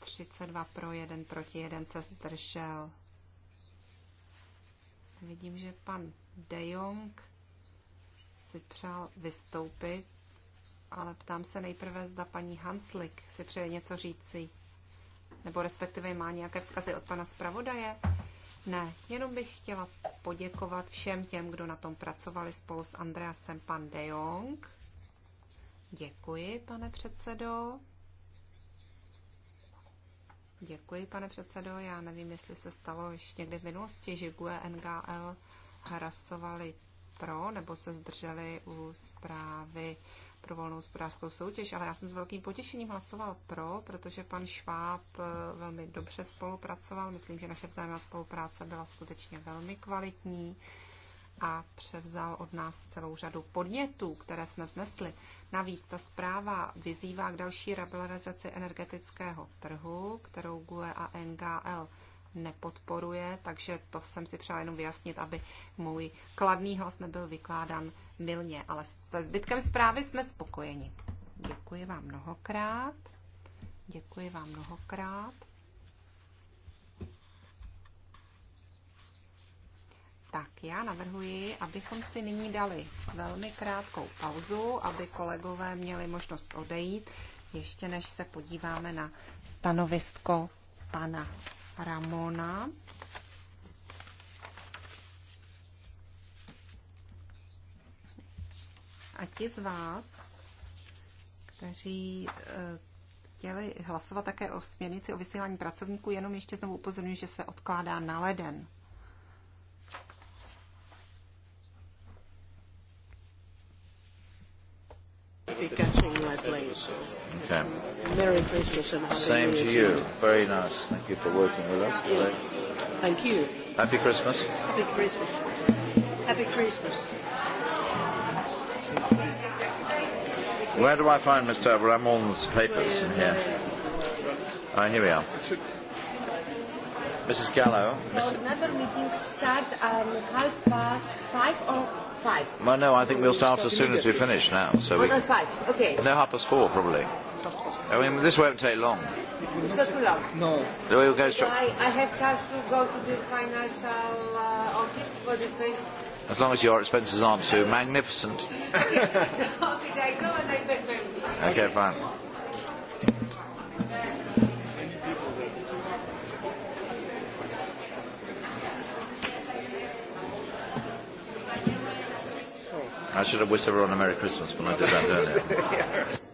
32 pro, 1 proti, 1 se zdržel. Vidím, že pan De Jong si přál vystoupit, ale ptám se nejprve, zda paní Hanslik si přeje něco říci nebo respektive má nějaké vzkazy od pana zpravodaje? Ne, jenom bych chtěla poděkovat všem těm, kdo na tom pracovali spolu s Andreasem pan De Jong. Děkuji, pane předsedo. Děkuji, pane předsedo. Já nevím, jestli se stalo ještě někdy v minulosti, že GUE NGL hlasovali pro nebo se zdrželi u zprávy pro volnou hospodářskou soutěž, ale já jsem s velkým potěšením hlasoval pro, protože pan Šváb eh, velmi dobře spolupracoval. Myslím, že naše vzájemná spolupráce byla skutečně velmi kvalitní a převzal od nás celou řadu podnětů, které jsme vznesli. Navíc ta zpráva vyzývá k další liberalizaci energetického trhu, kterou GUE a NGL nepodporuje, takže to jsem si přála jenom vyjasnit, aby můj kladný hlas nebyl vykládán Milně, ale se zbytkem zprávy jsme spokojeni. Děkuji vám mnohokrát. Děkuji vám mnohokrát. Tak já navrhuji, abychom si nyní dali velmi krátkou pauzu, aby kolegové měli možnost odejít, ještě než se podíváme na stanovisko pana Ramona. A ti z vás, kteří eh, chtěli hlasovat také o směrnici o vysílání pracovníků, jenom ještě znovu upozorňuji, že se odkládá na leden. Okay. Merry Christmas and Same to you. Very nice. Thank you for working with us today. Thank you. Happy Christmas. Happy Christmas. Happy Christmas. Where do I find Mr. Ramon's papers in here? Ah, here we are. Mrs. Gallo. Mrs. Another meeting starts at half past five or five. Well, no, I think we'll start as soon as we finish now. So we. Oh, half past five. Okay. No, half past four probably. I mean, this won't take long. It's not too long. No. The way we go straight. I, I have chance to go to the financial uh, office for the thing as long as your expenses aren't too magnificent. okay, fine. I should have wished everyone a Merry Christmas when I did that earlier.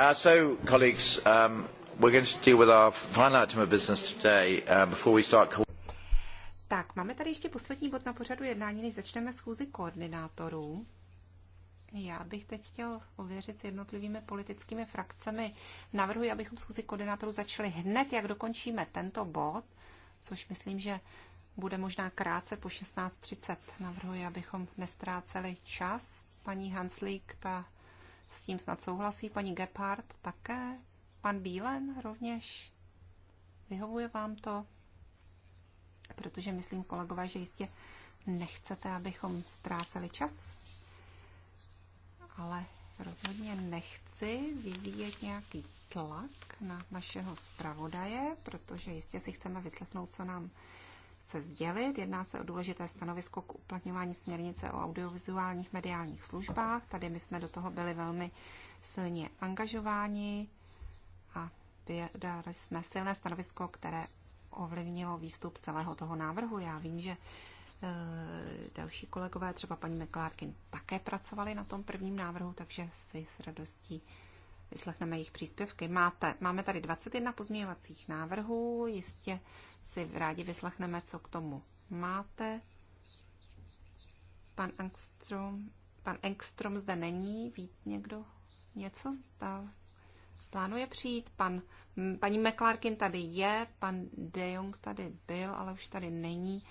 Uh, so, colleagues, um, we're going to deal with our final item of business today uh, before we start. Tak, máme tady ještě poslední bod na pořadu jednání, než začneme schůzi koordinátorů. Já bych teď chtěl ověřit s jednotlivými politickými frakcemi. Navrhuji, abychom schůzi koordinátorů začali hned, jak dokončíme tento bod, což myslím, že bude možná krátce po 16.30. Navrhuji, abychom nestráceli čas. Paní Hanslík, ta tím snad souhlasí. Paní gepard také. Pan Bílen rovněž. Vyhovuje vám to? Protože myslím, kolegové, že jistě nechcete, abychom ztráceli čas. Ale rozhodně nechci vyvíjet nějaký tlak na našeho zpravodaje, protože jistě si chceme vyslechnout, co nám chce sdělit. Jedná se o důležité stanovisko k uplatňování směrnice o audiovizuálních mediálních službách. Tady my jsme do toho byli velmi silně angažováni a vydali jsme silné stanovisko, které ovlivnilo výstup celého toho návrhu. Já vím, že eh, další kolegové, třeba paní McClarkin, také pracovali na tom prvním návrhu, takže si s radostí vyslechneme jejich příspěvky. Máte, máme tady 21 pozměňovacích návrhů, jistě si rádi vyslechneme, co k tomu máte. Pan Engstrom, pan Engstrom zde není, ví někdo něco? Zdal. Plánuje přijít, pan, paní McClarkin tady je, pan De Jong tady byl, ale už tady není,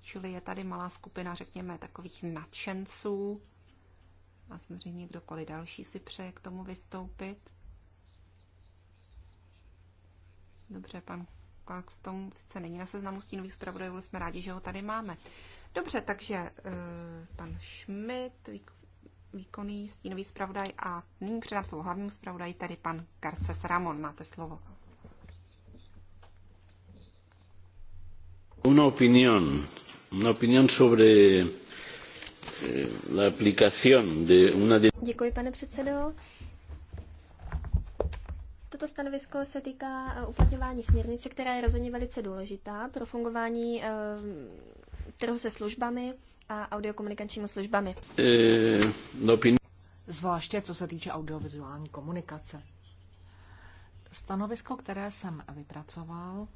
čili je tady malá skupina, řekněme, takových nadšenců a samozřejmě kdokoliv další si přeje k tomu vystoupit. Dobře, pan Clarkston sice není na seznamu stínových zpravodajů, ale jsme rádi, že ho tady máme. Dobře, takže eh, pan Schmidt, výkonný stínový zpravodaj a nyní předám slovo hlavnímu zpravodaji, tady pan Garces Ramon. Máte slovo. Una opinión, una opinión sobre Eh, la aplicación de una de... Děkuji, pane předsedo. Toto stanovisko se týká eh, uplatňování směrnice, která je rozhodně velice důležitá pro fungování eh, trhu se službami a audiokomunikačními službami. No Zvláště co se týče audiovizuální komunikace. Stanovisko, které jsem vypracoval,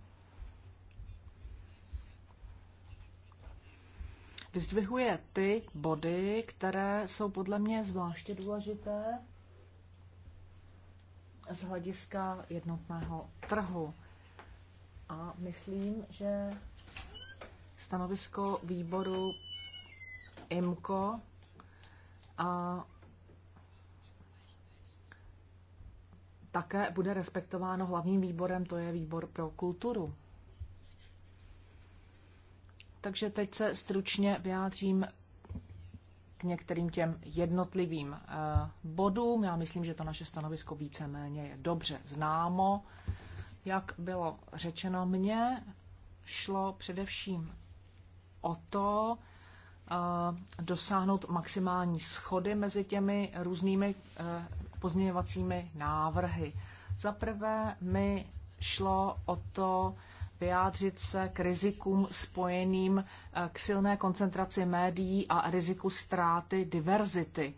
vyzdvihuje ty body, které jsou podle mě zvláště důležité z hlediska jednotného trhu. A myslím, že stanovisko výboru IMCO a také bude respektováno hlavním výborem, to je výbor pro kulturu. Takže teď se stručně vyjádřím k některým těm jednotlivým eh, bodům. Já myslím, že to naše stanovisko víceméně je dobře známo. Jak bylo řečeno, mně šlo především o to, eh, dosáhnout maximální schody mezi těmi různými eh, pozměňovacími návrhy. Za prvé mi šlo o to vyjádřit se k rizikům spojeným eh, k silné koncentraci médií a riziku ztráty diverzity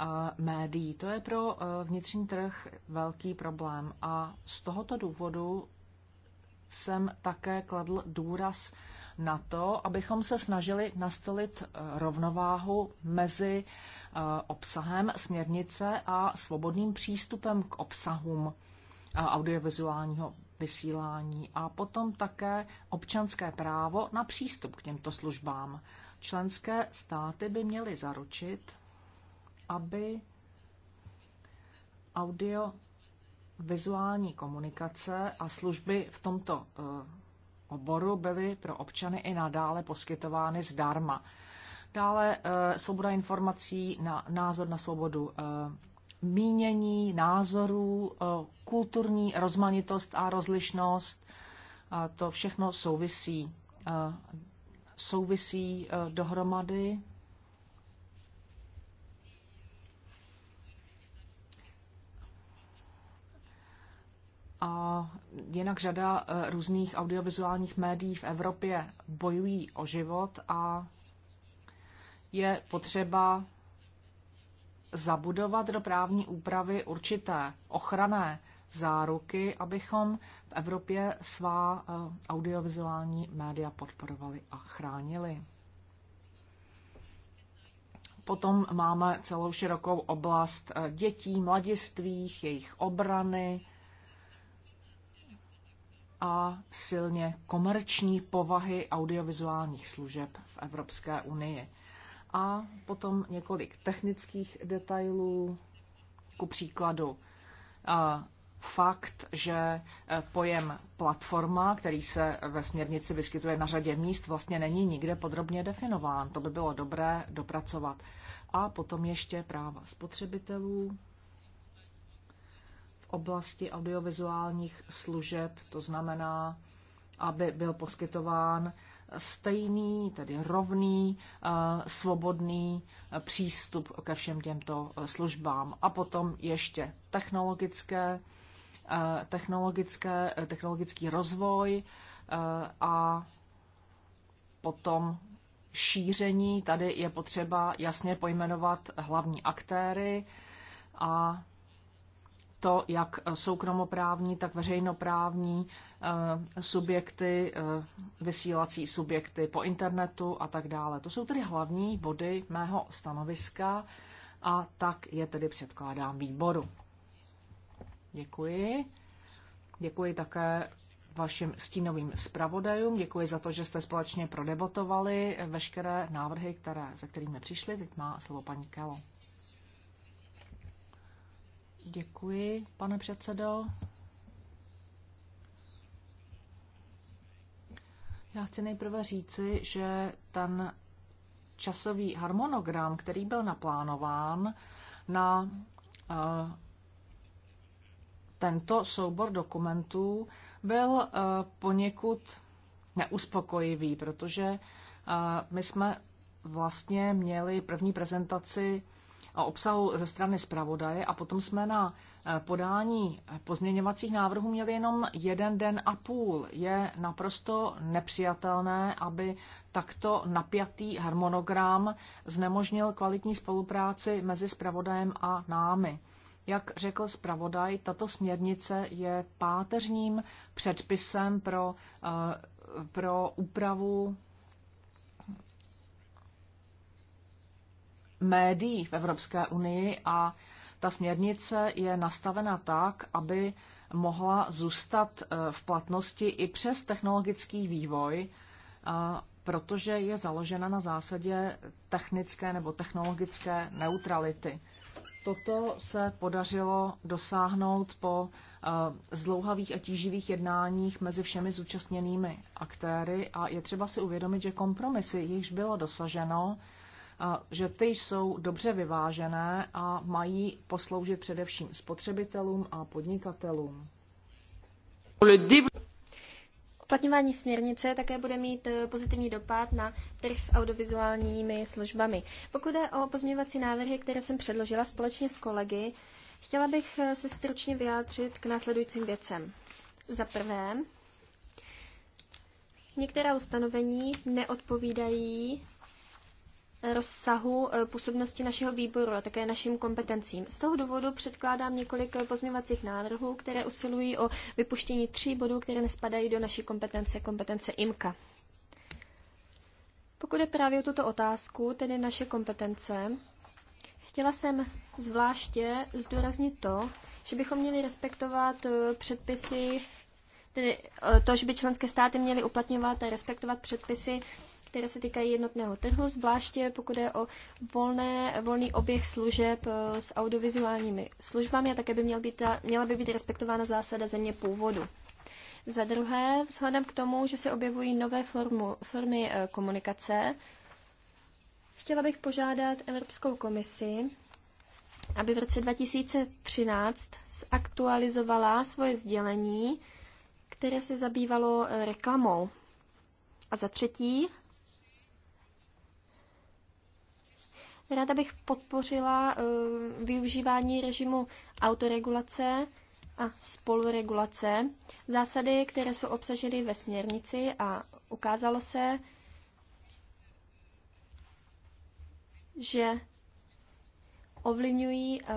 eh, médií. To je pro eh, vnitřní trh velký problém a z tohoto důvodu jsem také kladl důraz na to, abychom se snažili nastolit rovnováhu mezi obsahem směrnice a svobodným přístupem k obsahům audiovizuálního vysílání a potom také občanské právo na přístup k těmto službám. Členské státy by měly zaručit, aby audio vizuální komunikace a služby v tomto eh, oboru byly pro občany i nadále poskytovány zdarma. Dále eh, svoboda informací, na, názor na svobodu eh, mínění, názorů, eh, kulturní rozmanitost a rozlišnost. A to všechno souvisí, eh, souvisí eh, dohromady. A jinak řada různých audiovizuálních médií v Evropě bojují o život a je potřeba zabudovat do právní úpravy určité ochranné záruky, abychom v Evropě svá eh, audiovizuální média podporovali a chránili. Potom máme celou širokou oblast eh, dětí, mladistvých, jejich obrany a silně komerční povahy audiovizuálních služeb v Evropské unii a potom několik technických detailů, ku příkladu eh, fakt, že eh, pojem platforma, který se ve směrnici vyskytuje na řadě míst, vlastně není nikde podrobně definován. To by bylo dobré dopracovat. A potom ještě práva spotřebitelů v oblasti audiovizuálních služeb, to znamená, aby byl poskytován stejný, tedy rovný, eh, svobodný eh, přístup ke všem těmto eh, službám. A potom ještě technologické, technologické, technologický rozvoj a potom šíření. Tady je potřeba jasně pojmenovat hlavní aktéry a to, jak soukromoprávní, tak veřejnoprávní eh, subjekty, eh, vysílací subjekty po internetu a tak dále. To jsou tedy hlavní body mého stanoviska a tak je tedy předkládám výboru. Děkuji. Děkuji také vašim stínovým zpravodajům. Děkuji za to, že jste společně prodebotovali veškeré návrhy, které, za kterými přišli. Teď má slovo paní Kelo. Děkuji, pane předsedo. Já chci nejprve říci, že ten časový harmonogram, který byl naplánován na eh, tento soubor dokumentů, byl eh, poněkud neuspokojivý, protože eh, my jsme vlastně měli první prezentaci obsahu ze strany zpravodaje a potom jsme na eh, podání pozměňovacích návrhů měli jenom jeden den a půl. Je naprosto nepřijatelné, aby takto napjatý harmonogram znemožnil kvalitní spolupráci mezi zpravodajem a námi. Jak řekl zpravodaj, tato směrnice je páteřním předpisem pro, eh, pro úpravu médií v Evropské unii a ta směrnice je nastavena tak, aby mohla zůstat eh, v platnosti i přes technologický vývoj, eh, protože je založena na zásadě technické nebo technologické neutrality. Toto se podařilo dosáhnout po eh, zdlouhavých a tíživých jednáních mezi všemi zúčastněnými aktéry a je třeba si uvědomit, že kompromisy, jichž bylo dosaženo, že ty jsou dobře vyvážené a mají posloužit především spotřebitelům a podnikatelům. Uplatňování směrnice také bude mít eh, pozitivní dopad na trh s audiovizuálními službami. Pokud je o pozměňovací návrhy, které jsem předložila společně s kolegy, chtěla bych eh, se stručně vyjádřit k následujícím věcem. Za prvé, některá ustanovení neodpovídají rozsahu eh, působnosti našeho výboru a také našim kompetencím. Z toho důvodu předkládám několik eh, pozměvacích návrhů, které usilují o vypuštění tří bodů, které nespadají do naší kompetence, kompetence IMKA. Pokud je právě o tuto otázku, tedy naše kompetence, chtěla jsem zvláště zdůraznit to, že bychom měli respektovat eh, předpisy, tedy to, že by členské státy měly uplatňovat a respektovat předpisy které se týkají jednotného trhu, zvláště pokud je o volné, volný oběh služeb eh, s audiovizuálními službami a také by měl být, měla by být respektována zásada země původu. Za druhé, vzhledem k tomu, že se objevují nové formu, formy eh, komunikace, chtěla bych požádat Evropskou komisi, aby v roce 2013 zaktualizovala svoje sdělení, které se zabývalo eh, reklamou. A za třetí, Ráda bych podpořila eh, využívání režimu autoregulace a spoluregulace, zásady, které jsou obsaženy ve směrnici a ukázalo se, že ovlivňují uh,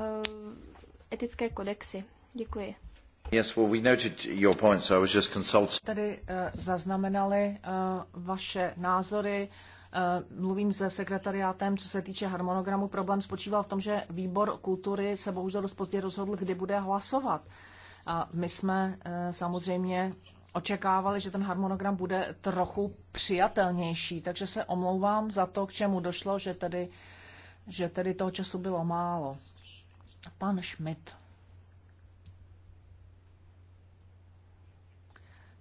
etické kodexy. Děkuji. Yes, well, we noted your points. I was just consulting. Tady uh, zaznamenali uh, vaše názory. Uh, Eh, mluvím se sekretariátem, co se týče harmonogramu, problém spočíval v tom, že výbor kultury se bohužel dost pozdě rozhodl, kdy bude hlasovat. A my jsme eh, samozřejmě očekávali, že ten harmonogram bude trochu přijatelnější, takže se omlouvám za to, k čemu došlo, že tedy, že tedy toho času bylo málo. Pan Schmidt.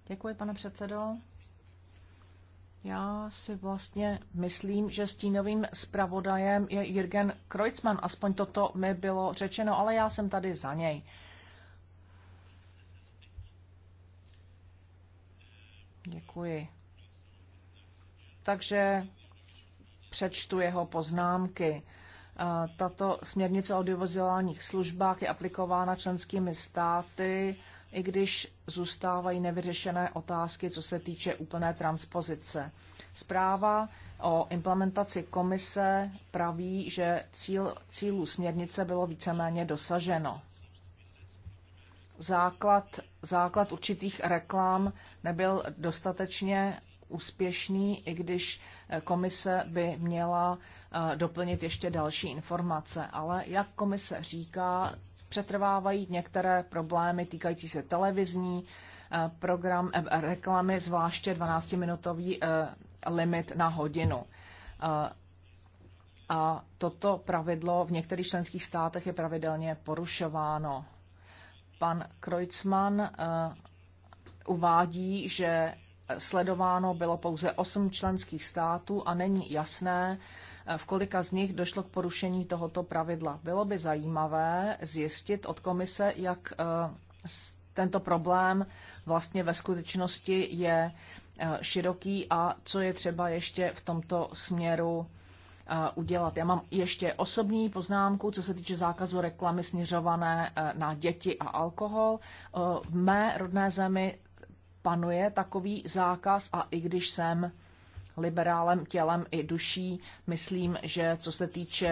Děkuji, pane předsedo. Já si vlastně myslím, že stínovým zpravodajem je Jürgen Kreuzmann. aspoň toto mi bylo řečeno, ale já jsem tady za něj. Děkuji. Takže přečtu jeho poznámky. Tato směrnice o divozilálních službách je aplikována členskými státy i když zůstávají nevyřešené otázky, co se týče úplné transpozice. Zpráva o implementaci komise praví, že cíl, cílů směrnice bylo víceméně dosaženo. Základ, základ určitých reklám nebyl dostatečně úspěšný, i když eh, komise by měla eh, doplnit ještě další informace. Ale jak komise říká, přetrvávají některé problémy týkající se televizní eh, program, eh, reklamy, zvláště 12-minutový eh, limit na hodinu. A toto pravidlo v některých členských státech je pravidelně porušováno. Pan Kreutzmann uvádí, že sledováno bylo pouze 8 členských států a není jasné, v kolika z nich došlo k porušení tohoto pravidla. Bylo by zajímavé zjistit od komise, jak eh, tento problém vlastně ve skutečnosti je eh, široký a co je třeba ještě v tomto směru eh, udělat. Já mám ještě osobní poznámku, co se týče zákazu reklamy směřované na děti a alkohol. V mé rodné zemi panuje takový zákaz a i když jsem liberálem tělem i duší. Myslím, že co se týče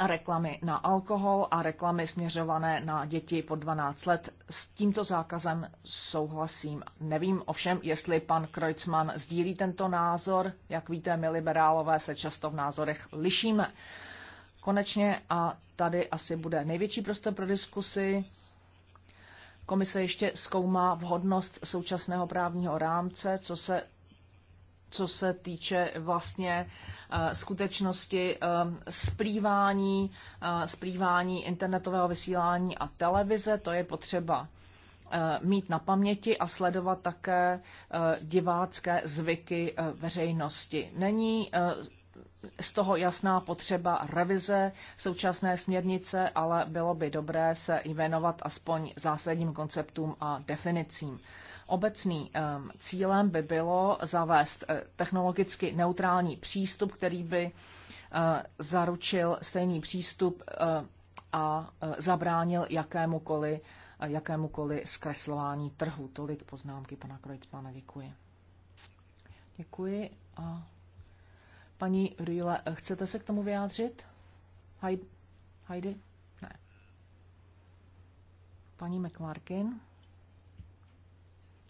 eh, reklamy na alkohol a reklamy směřované na děti po 12 let. S tímto zákazem souhlasím. Nevím ovšem, jestli pan Kreutzmann sdílí tento názor. Jak víte, my liberálové se často v názorech lišíme. Konečně a tady asi bude největší prostor pro diskusi. Komise ještě zkoumá vhodnost současného právního rámce, co se co se týče vlastně eh, skutečnosti eh, splývání, eh, splývání internetového vysílání a televize. To je potřeba mít na paměti a sledovat také divácké zvyky veřejnosti. Není z toho jasná potřeba revize současné směrnice, ale bylo by dobré se věnovat aspoň zásadním konceptům a definicím. Obecný cílem by bylo zavést eh, technologicky neutrální přístup, který by eh, zaručil stejný přístup eh, a zabránil jakémukoliv, jakémukoliv zkreslování trhu. Tolik poznámky pana Krojcmana. Děkuji. Děkuji. A paní Rýle, chcete se k tomu vyjádřit? Heidi? Ne. Paní McLarkin.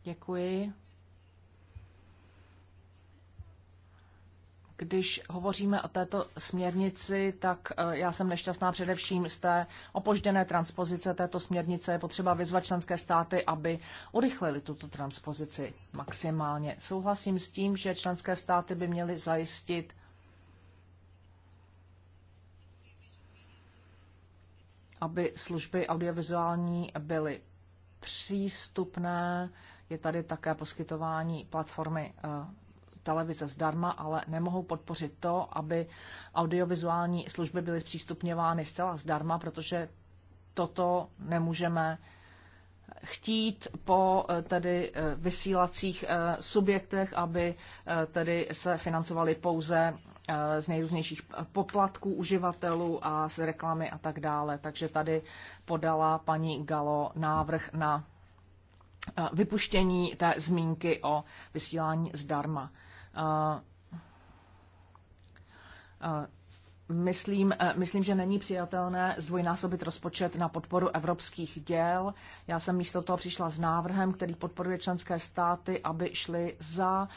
Děkuji. Když hovoříme o této směrnici, tak eh, já jsem nešťastná především z té opožděné transpozice této směrnice. Je potřeba vyzvat členské státy, aby urychlili tuto transpozici maximálně. Souhlasím s tím, že členské státy by měly zajistit aby služby audiovizuální byly přístupné je tady také poskytování platformy eh, televize zdarma, ale nemohou podpořit to, aby audiovizuální služby byly zpřístupňovány zcela zdarma, protože toto nemůžeme chtít po eh, tedy eh, vysílacích subjektech, aby tedy se financovaly pouze z nejrůznějších poplatků uživatelů a z reklamy a tak dále. Takže tady podala paní Galo návrh na Eh, vypuštění té zmínky o vysílání zdarma. Eh, eh, myslím, myslím, že není přijatelné zdvojnásobit rozpočet na podporu evropských děl. Já jsem místo toho přišla s návrhem, který podporuje členské státy, aby šly za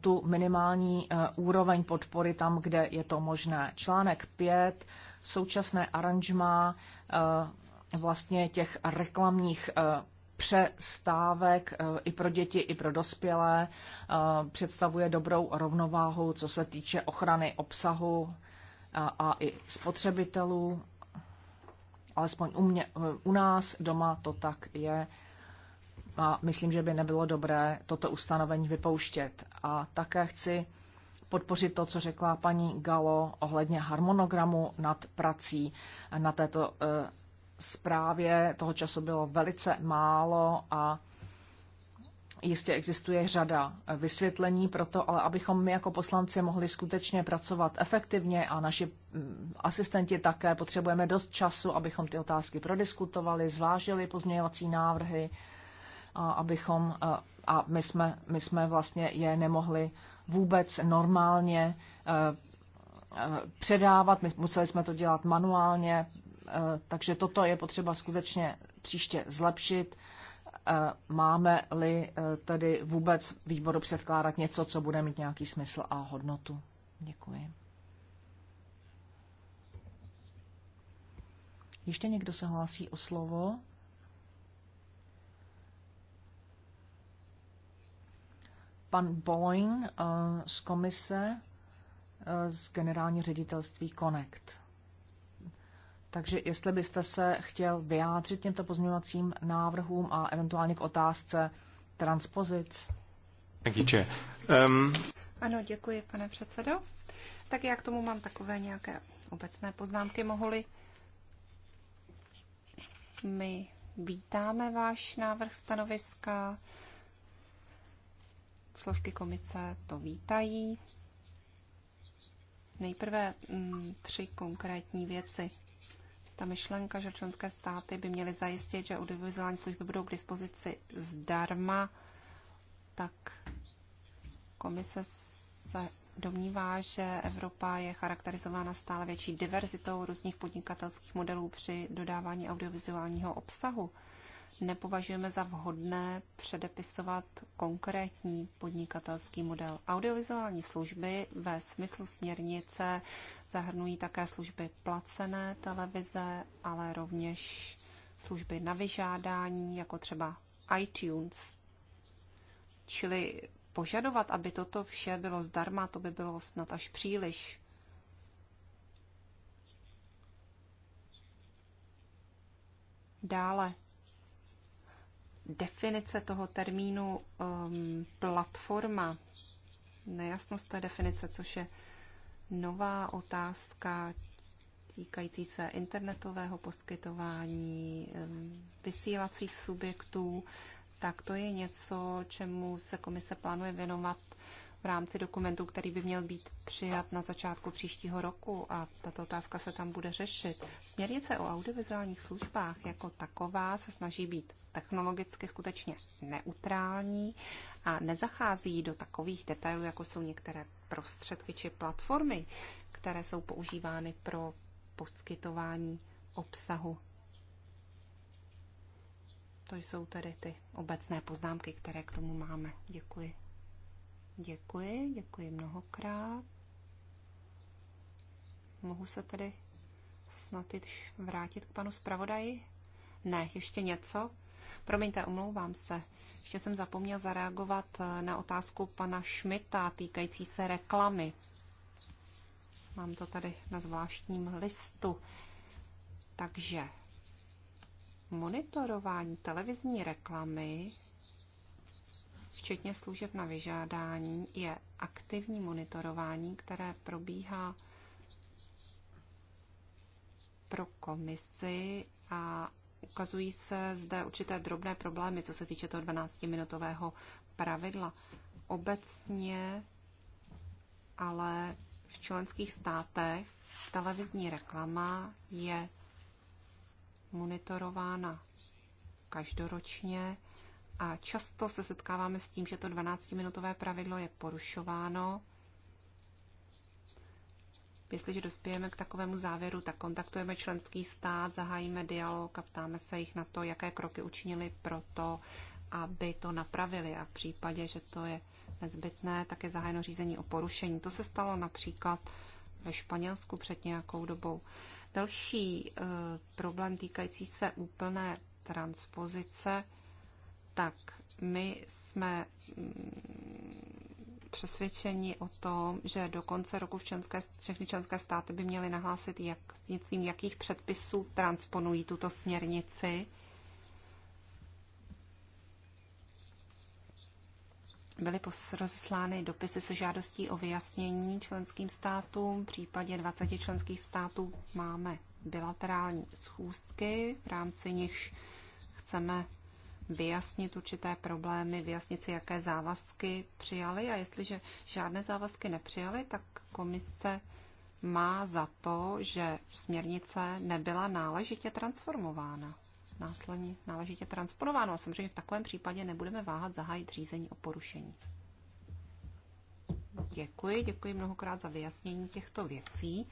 tu minimální úroveň podpory tam, kde je to možné. Článek 5, současné aranžma vlastně těch reklamních přestávek eh, i pro děti, i pro dospělé eh, představuje dobrou rovnováhu, co se týče ochrany obsahu eh, a i spotřebitelů. Alespoň u, mě, u nás doma to tak je. A myslím, že by nebylo dobré toto ustanovení vypouštět. A také chci podpořit to, co řekla paní Galo ohledně harmonogramu nad prací na této zprávě toho času bylo velice málo a jistě existuje řada vysvětlení pro to, ale abychom my jako poslanci mohli skutečně pracovat efektivně a naši mm, asistenti také potřebujeme dost času, abychom ty otázky prodiskutovali, zvážili pozměňovací návrhy a abychom, eh, a my jsme, my jsme vlastně je nemohli vůbec normálně eh, eh, předávat, my museli jsme to dělat manuálně, Eh, takže toto je potřeba skutečně příště zlepšit. Eh, máme-li eh, tedy vůbec výboru předkládat něco, co bude mít nějaký smysl a hodnotu? Děkuji. Ještě někdo se hlásí o slovo? Pan Boyne z komise z generální ředitelství Connect. Takže jestli byste se chtěl vyjádřit těmto pozměňovacím návrhům a eventuálně k otázce transpozic. Děkuji. Um... Ano, děkuji, pane předsedo. Tak já k tomu mám takové nějaké obecné poznámky. Mohli my vítáme váš návrh stanoviska. Složky komise to vítají. Nejprve mm, tři konkrétní věci ta myšlenka, že členské státy by měly zajistit, že audiovizuální služby budou k dispozici zdarma, tak komise se domnívá, že Evropa je charakterizována stále větší diverzitou různých podnikatelských modelů při dodávání audiovizuálního obsahu nepovažujeme za vhodné předepisovat konkrétní podnikatelský model. Audiovizuální služby ve smyslu směrnice zahrnují také služby placené televize, ale rovněž služby na vyžádání, jako třeba iTunes. Čili požadovat, aby toto vše bylo zdarma, to by bylo snad až příliš. Dále definice toho termínu um, platforma, nejasnost té definice, což je nová otázka týkající se internetového poskytování, um, vysílacích subjektů, tak to je něco, čemu se komise plánuje věnovat v rámci dokumentu, který by měl být přijat na začátku příštího roku a tato otázka se tam bude řešit. Směrnice o audiovizuálních službách jako taková se snaží být technologicky skutečně neutrální a nezachází do takových detailů, jako jsou některé prostředky či platformy, které jsou používány pro poskytování obsahu. To jsou tedy ty obecné poznámky, které k tomu máme. Děkuji. Děkuji, děkuji mnohokrát. Mohu se tedy snad vrátit k panu zpravodaji? Ne, ještě něco? Promiňte, omlouvám se. Ještě jsem zapomněl zareagovat eh, na otázku pana Šmita týkající se reklamy. Mám to tady na zvláštním listu. Takže monitorování televizní reklamy včetně služeb na vyžádání, je aktivní monitorování, které probíhá pro komisi a ukazují se zde určité drobné problémy, co se týče toho 12-minutového pravidla. Obecně ale v členských státech televizní reklama je monitorována každoročně a často se setkáváme s tím, že to 12-minutové pravidlo je porušováno. Jestliže dospějeme k takovému závěru, tak kontaktujeme členský stát, zahájíme dialog a ptáme se jich na to, jaké kroky učinili pro to, aby to napravili. A v případě, že to je nezbytné, tak je zahájeno řízení o porušení. To se stalo například ve Španělsku před nějakou dobou. Další e, problém týkající se úplné transpozice tak my jsme mm, přesvědčeni o tom, že do konce roku v členské, všechny členské státy by měly nahlásit, jak, svým, jakých předpisů transponují tuto směrnici. Byly rozeslány dopisy se žádostí o vyjasnění členským státům. V případě 20 členských států máme bilaterální schůzky, v rámci nich chceme vyjasnit určité problémy, vyjasnit si, jaké závazky přijali a jestliže žádné závazky nepřijali, tak komise má za to, že směrnice nebyla náležitě transformována. Následně náležitě transponována. A samozřejmě v takovém případě nebudeme váhat zahájit řízení o porušení. Děkuji, děkuji mnohokrát za vyjasnění těchto věcí.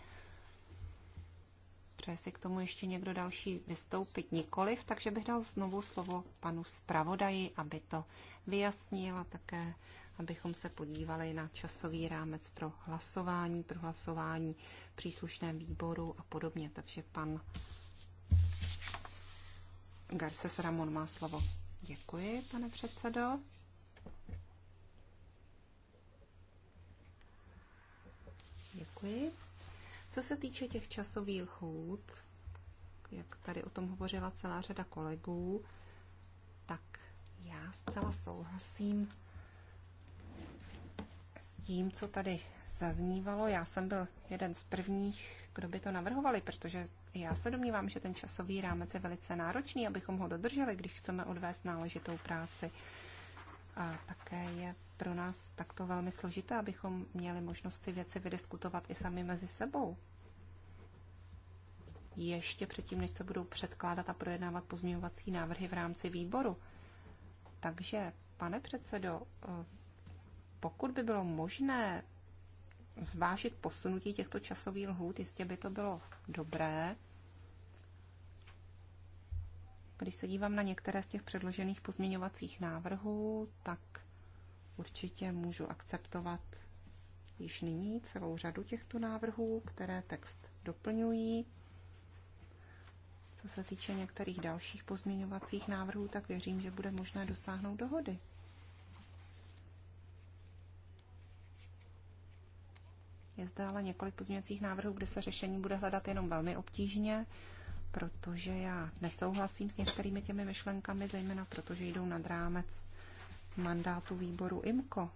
Dobře, jestli k tomu ještě někdo další vystoupit? Nikoliv, takže bych dal znovu slovo panu zpravodaji, aby to vyjasnil a také, abychom se podívali na časový rámec pro hlasování, pro hlasování příslušném výboru a podobně. Takže pan Garces Ramon má slovo. Děkuji, pane předsedo. Děkuji. Co se týče těch časových lhůt, jak tady o tom hovořila celá řada kolegů, tak já zcela souhlasím s tím, co tady zaznívalo. Já jsem byl jeden z prvních, kdo by to navrhovali, protože já se domnívám, že ten časový rámec je velice náročný, abychom ho dodrželi, když chceme odvést náležitou práci. A také je pro nás takto velmi složité, abychom měli možnost si věci vydiskutovat i sami mezi sebou. Ještě předtím, než se budou předkládat a projednávat pozměňovací návrhy v rámci výboru. Takže, pane předsedo, eh, pokud by bylo možné zvážit posunutí těchto časových lhůt, jistě by to bylo dobré. Když se dívám na některé z těch předložených pozměňovacích návrhů, tak Určitě můžu akceptovat již nyní celou řadu těchto návrhů, které text doplňují. Co se týče některých dalších pozměňovacích návrhů, tak věřím, že bude možné dosáhnout dohody. Je zde ale několik pozměňovacích návrhů, kde se řešení bude hledat jenom velmi obtížně, protože já nesouhlasím s některými těmi myšlenkami, zejména protože jdou nad rámec mandátu výboru IMCO.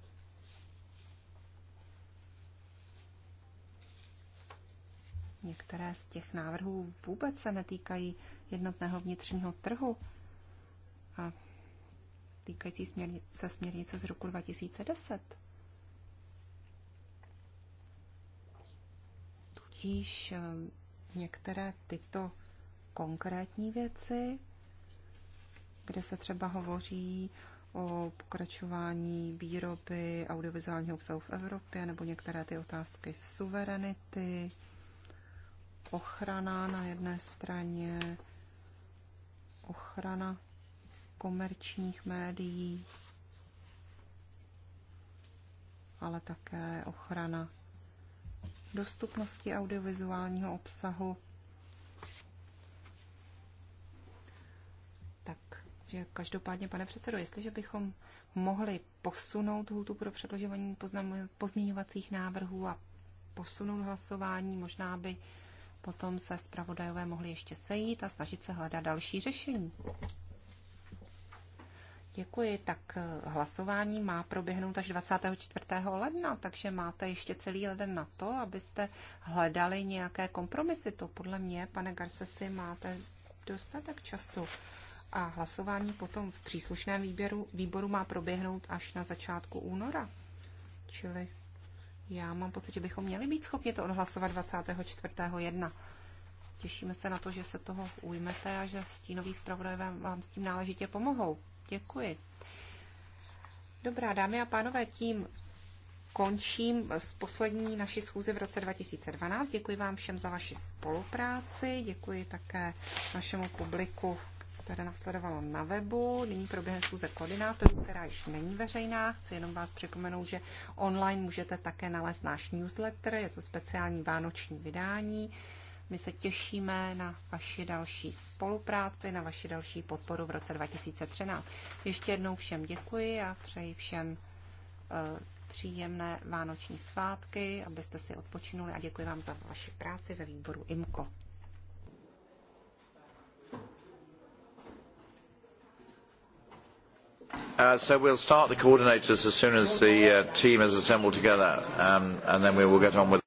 Některé z těch návrhů vůbec se netýkají jednotného vnitřního trhu a týkající se směrnice z roku 2010. Tudíž eh, některé tyto konkrétní věci, kde se třeba hovoří o pokračování výroby audiovizuálního obsahu v Evropě nebo některé ty otázky suverenity, ochrana na jedné straně, ochrana komerčních médií, ale také ochrana dostupnosti audiovizuálního obsahu Takže každopádně, pane předsedo, jestliže bychom mohli posunout hůtu pro předložování pozměňovacích návrhů a posunout hlasování, možná by potom se zpravodajové mohli ještě sejít a snažit se hledat další řešení. Děkuji. Tak eh, hlasování má proběhnout až 24. ledna, takže máte ještě celý leden na to, abyste hledali nějaké kompromisy. To podle mě, pane Garcesi, máte dostatek času a hlasování potom v příslušném výběru, výboru má proběhnout až na začátku února. Čili já mám pocit, že bychom měli být schopni to odhlasovat 24.1. Těšíme se na to, že se toho ujmete a že stínoví zpravodajové vám s tím náležitě pomohou. Děkuji. Dobrá, dámy a pánové, tím končím z poslední naší schůze v roce 2012. Děkuji vám všem za vaši spolupráci, děkuji také našemu publiku, které následovalo na webu. Nyní proběhne schůze koordinátorů, která již není veřejná. Chci jenom vás připomenout, že online můžete také nalézt náš newsletter, je to speciální vánoční vydání. My se těšíme na vaši další spolupráci, na vaši další podporu v roce 2013. Ještě jednou všem děkuji a přeji všem eh, příjemné vánoční svátky, abyste si odpočinuli a děkuji vám za vaši práci ve výboru IMKO. Uh, so we'll start the coordinators as soon as the uh, team is assembled together, um, and then we will get on with.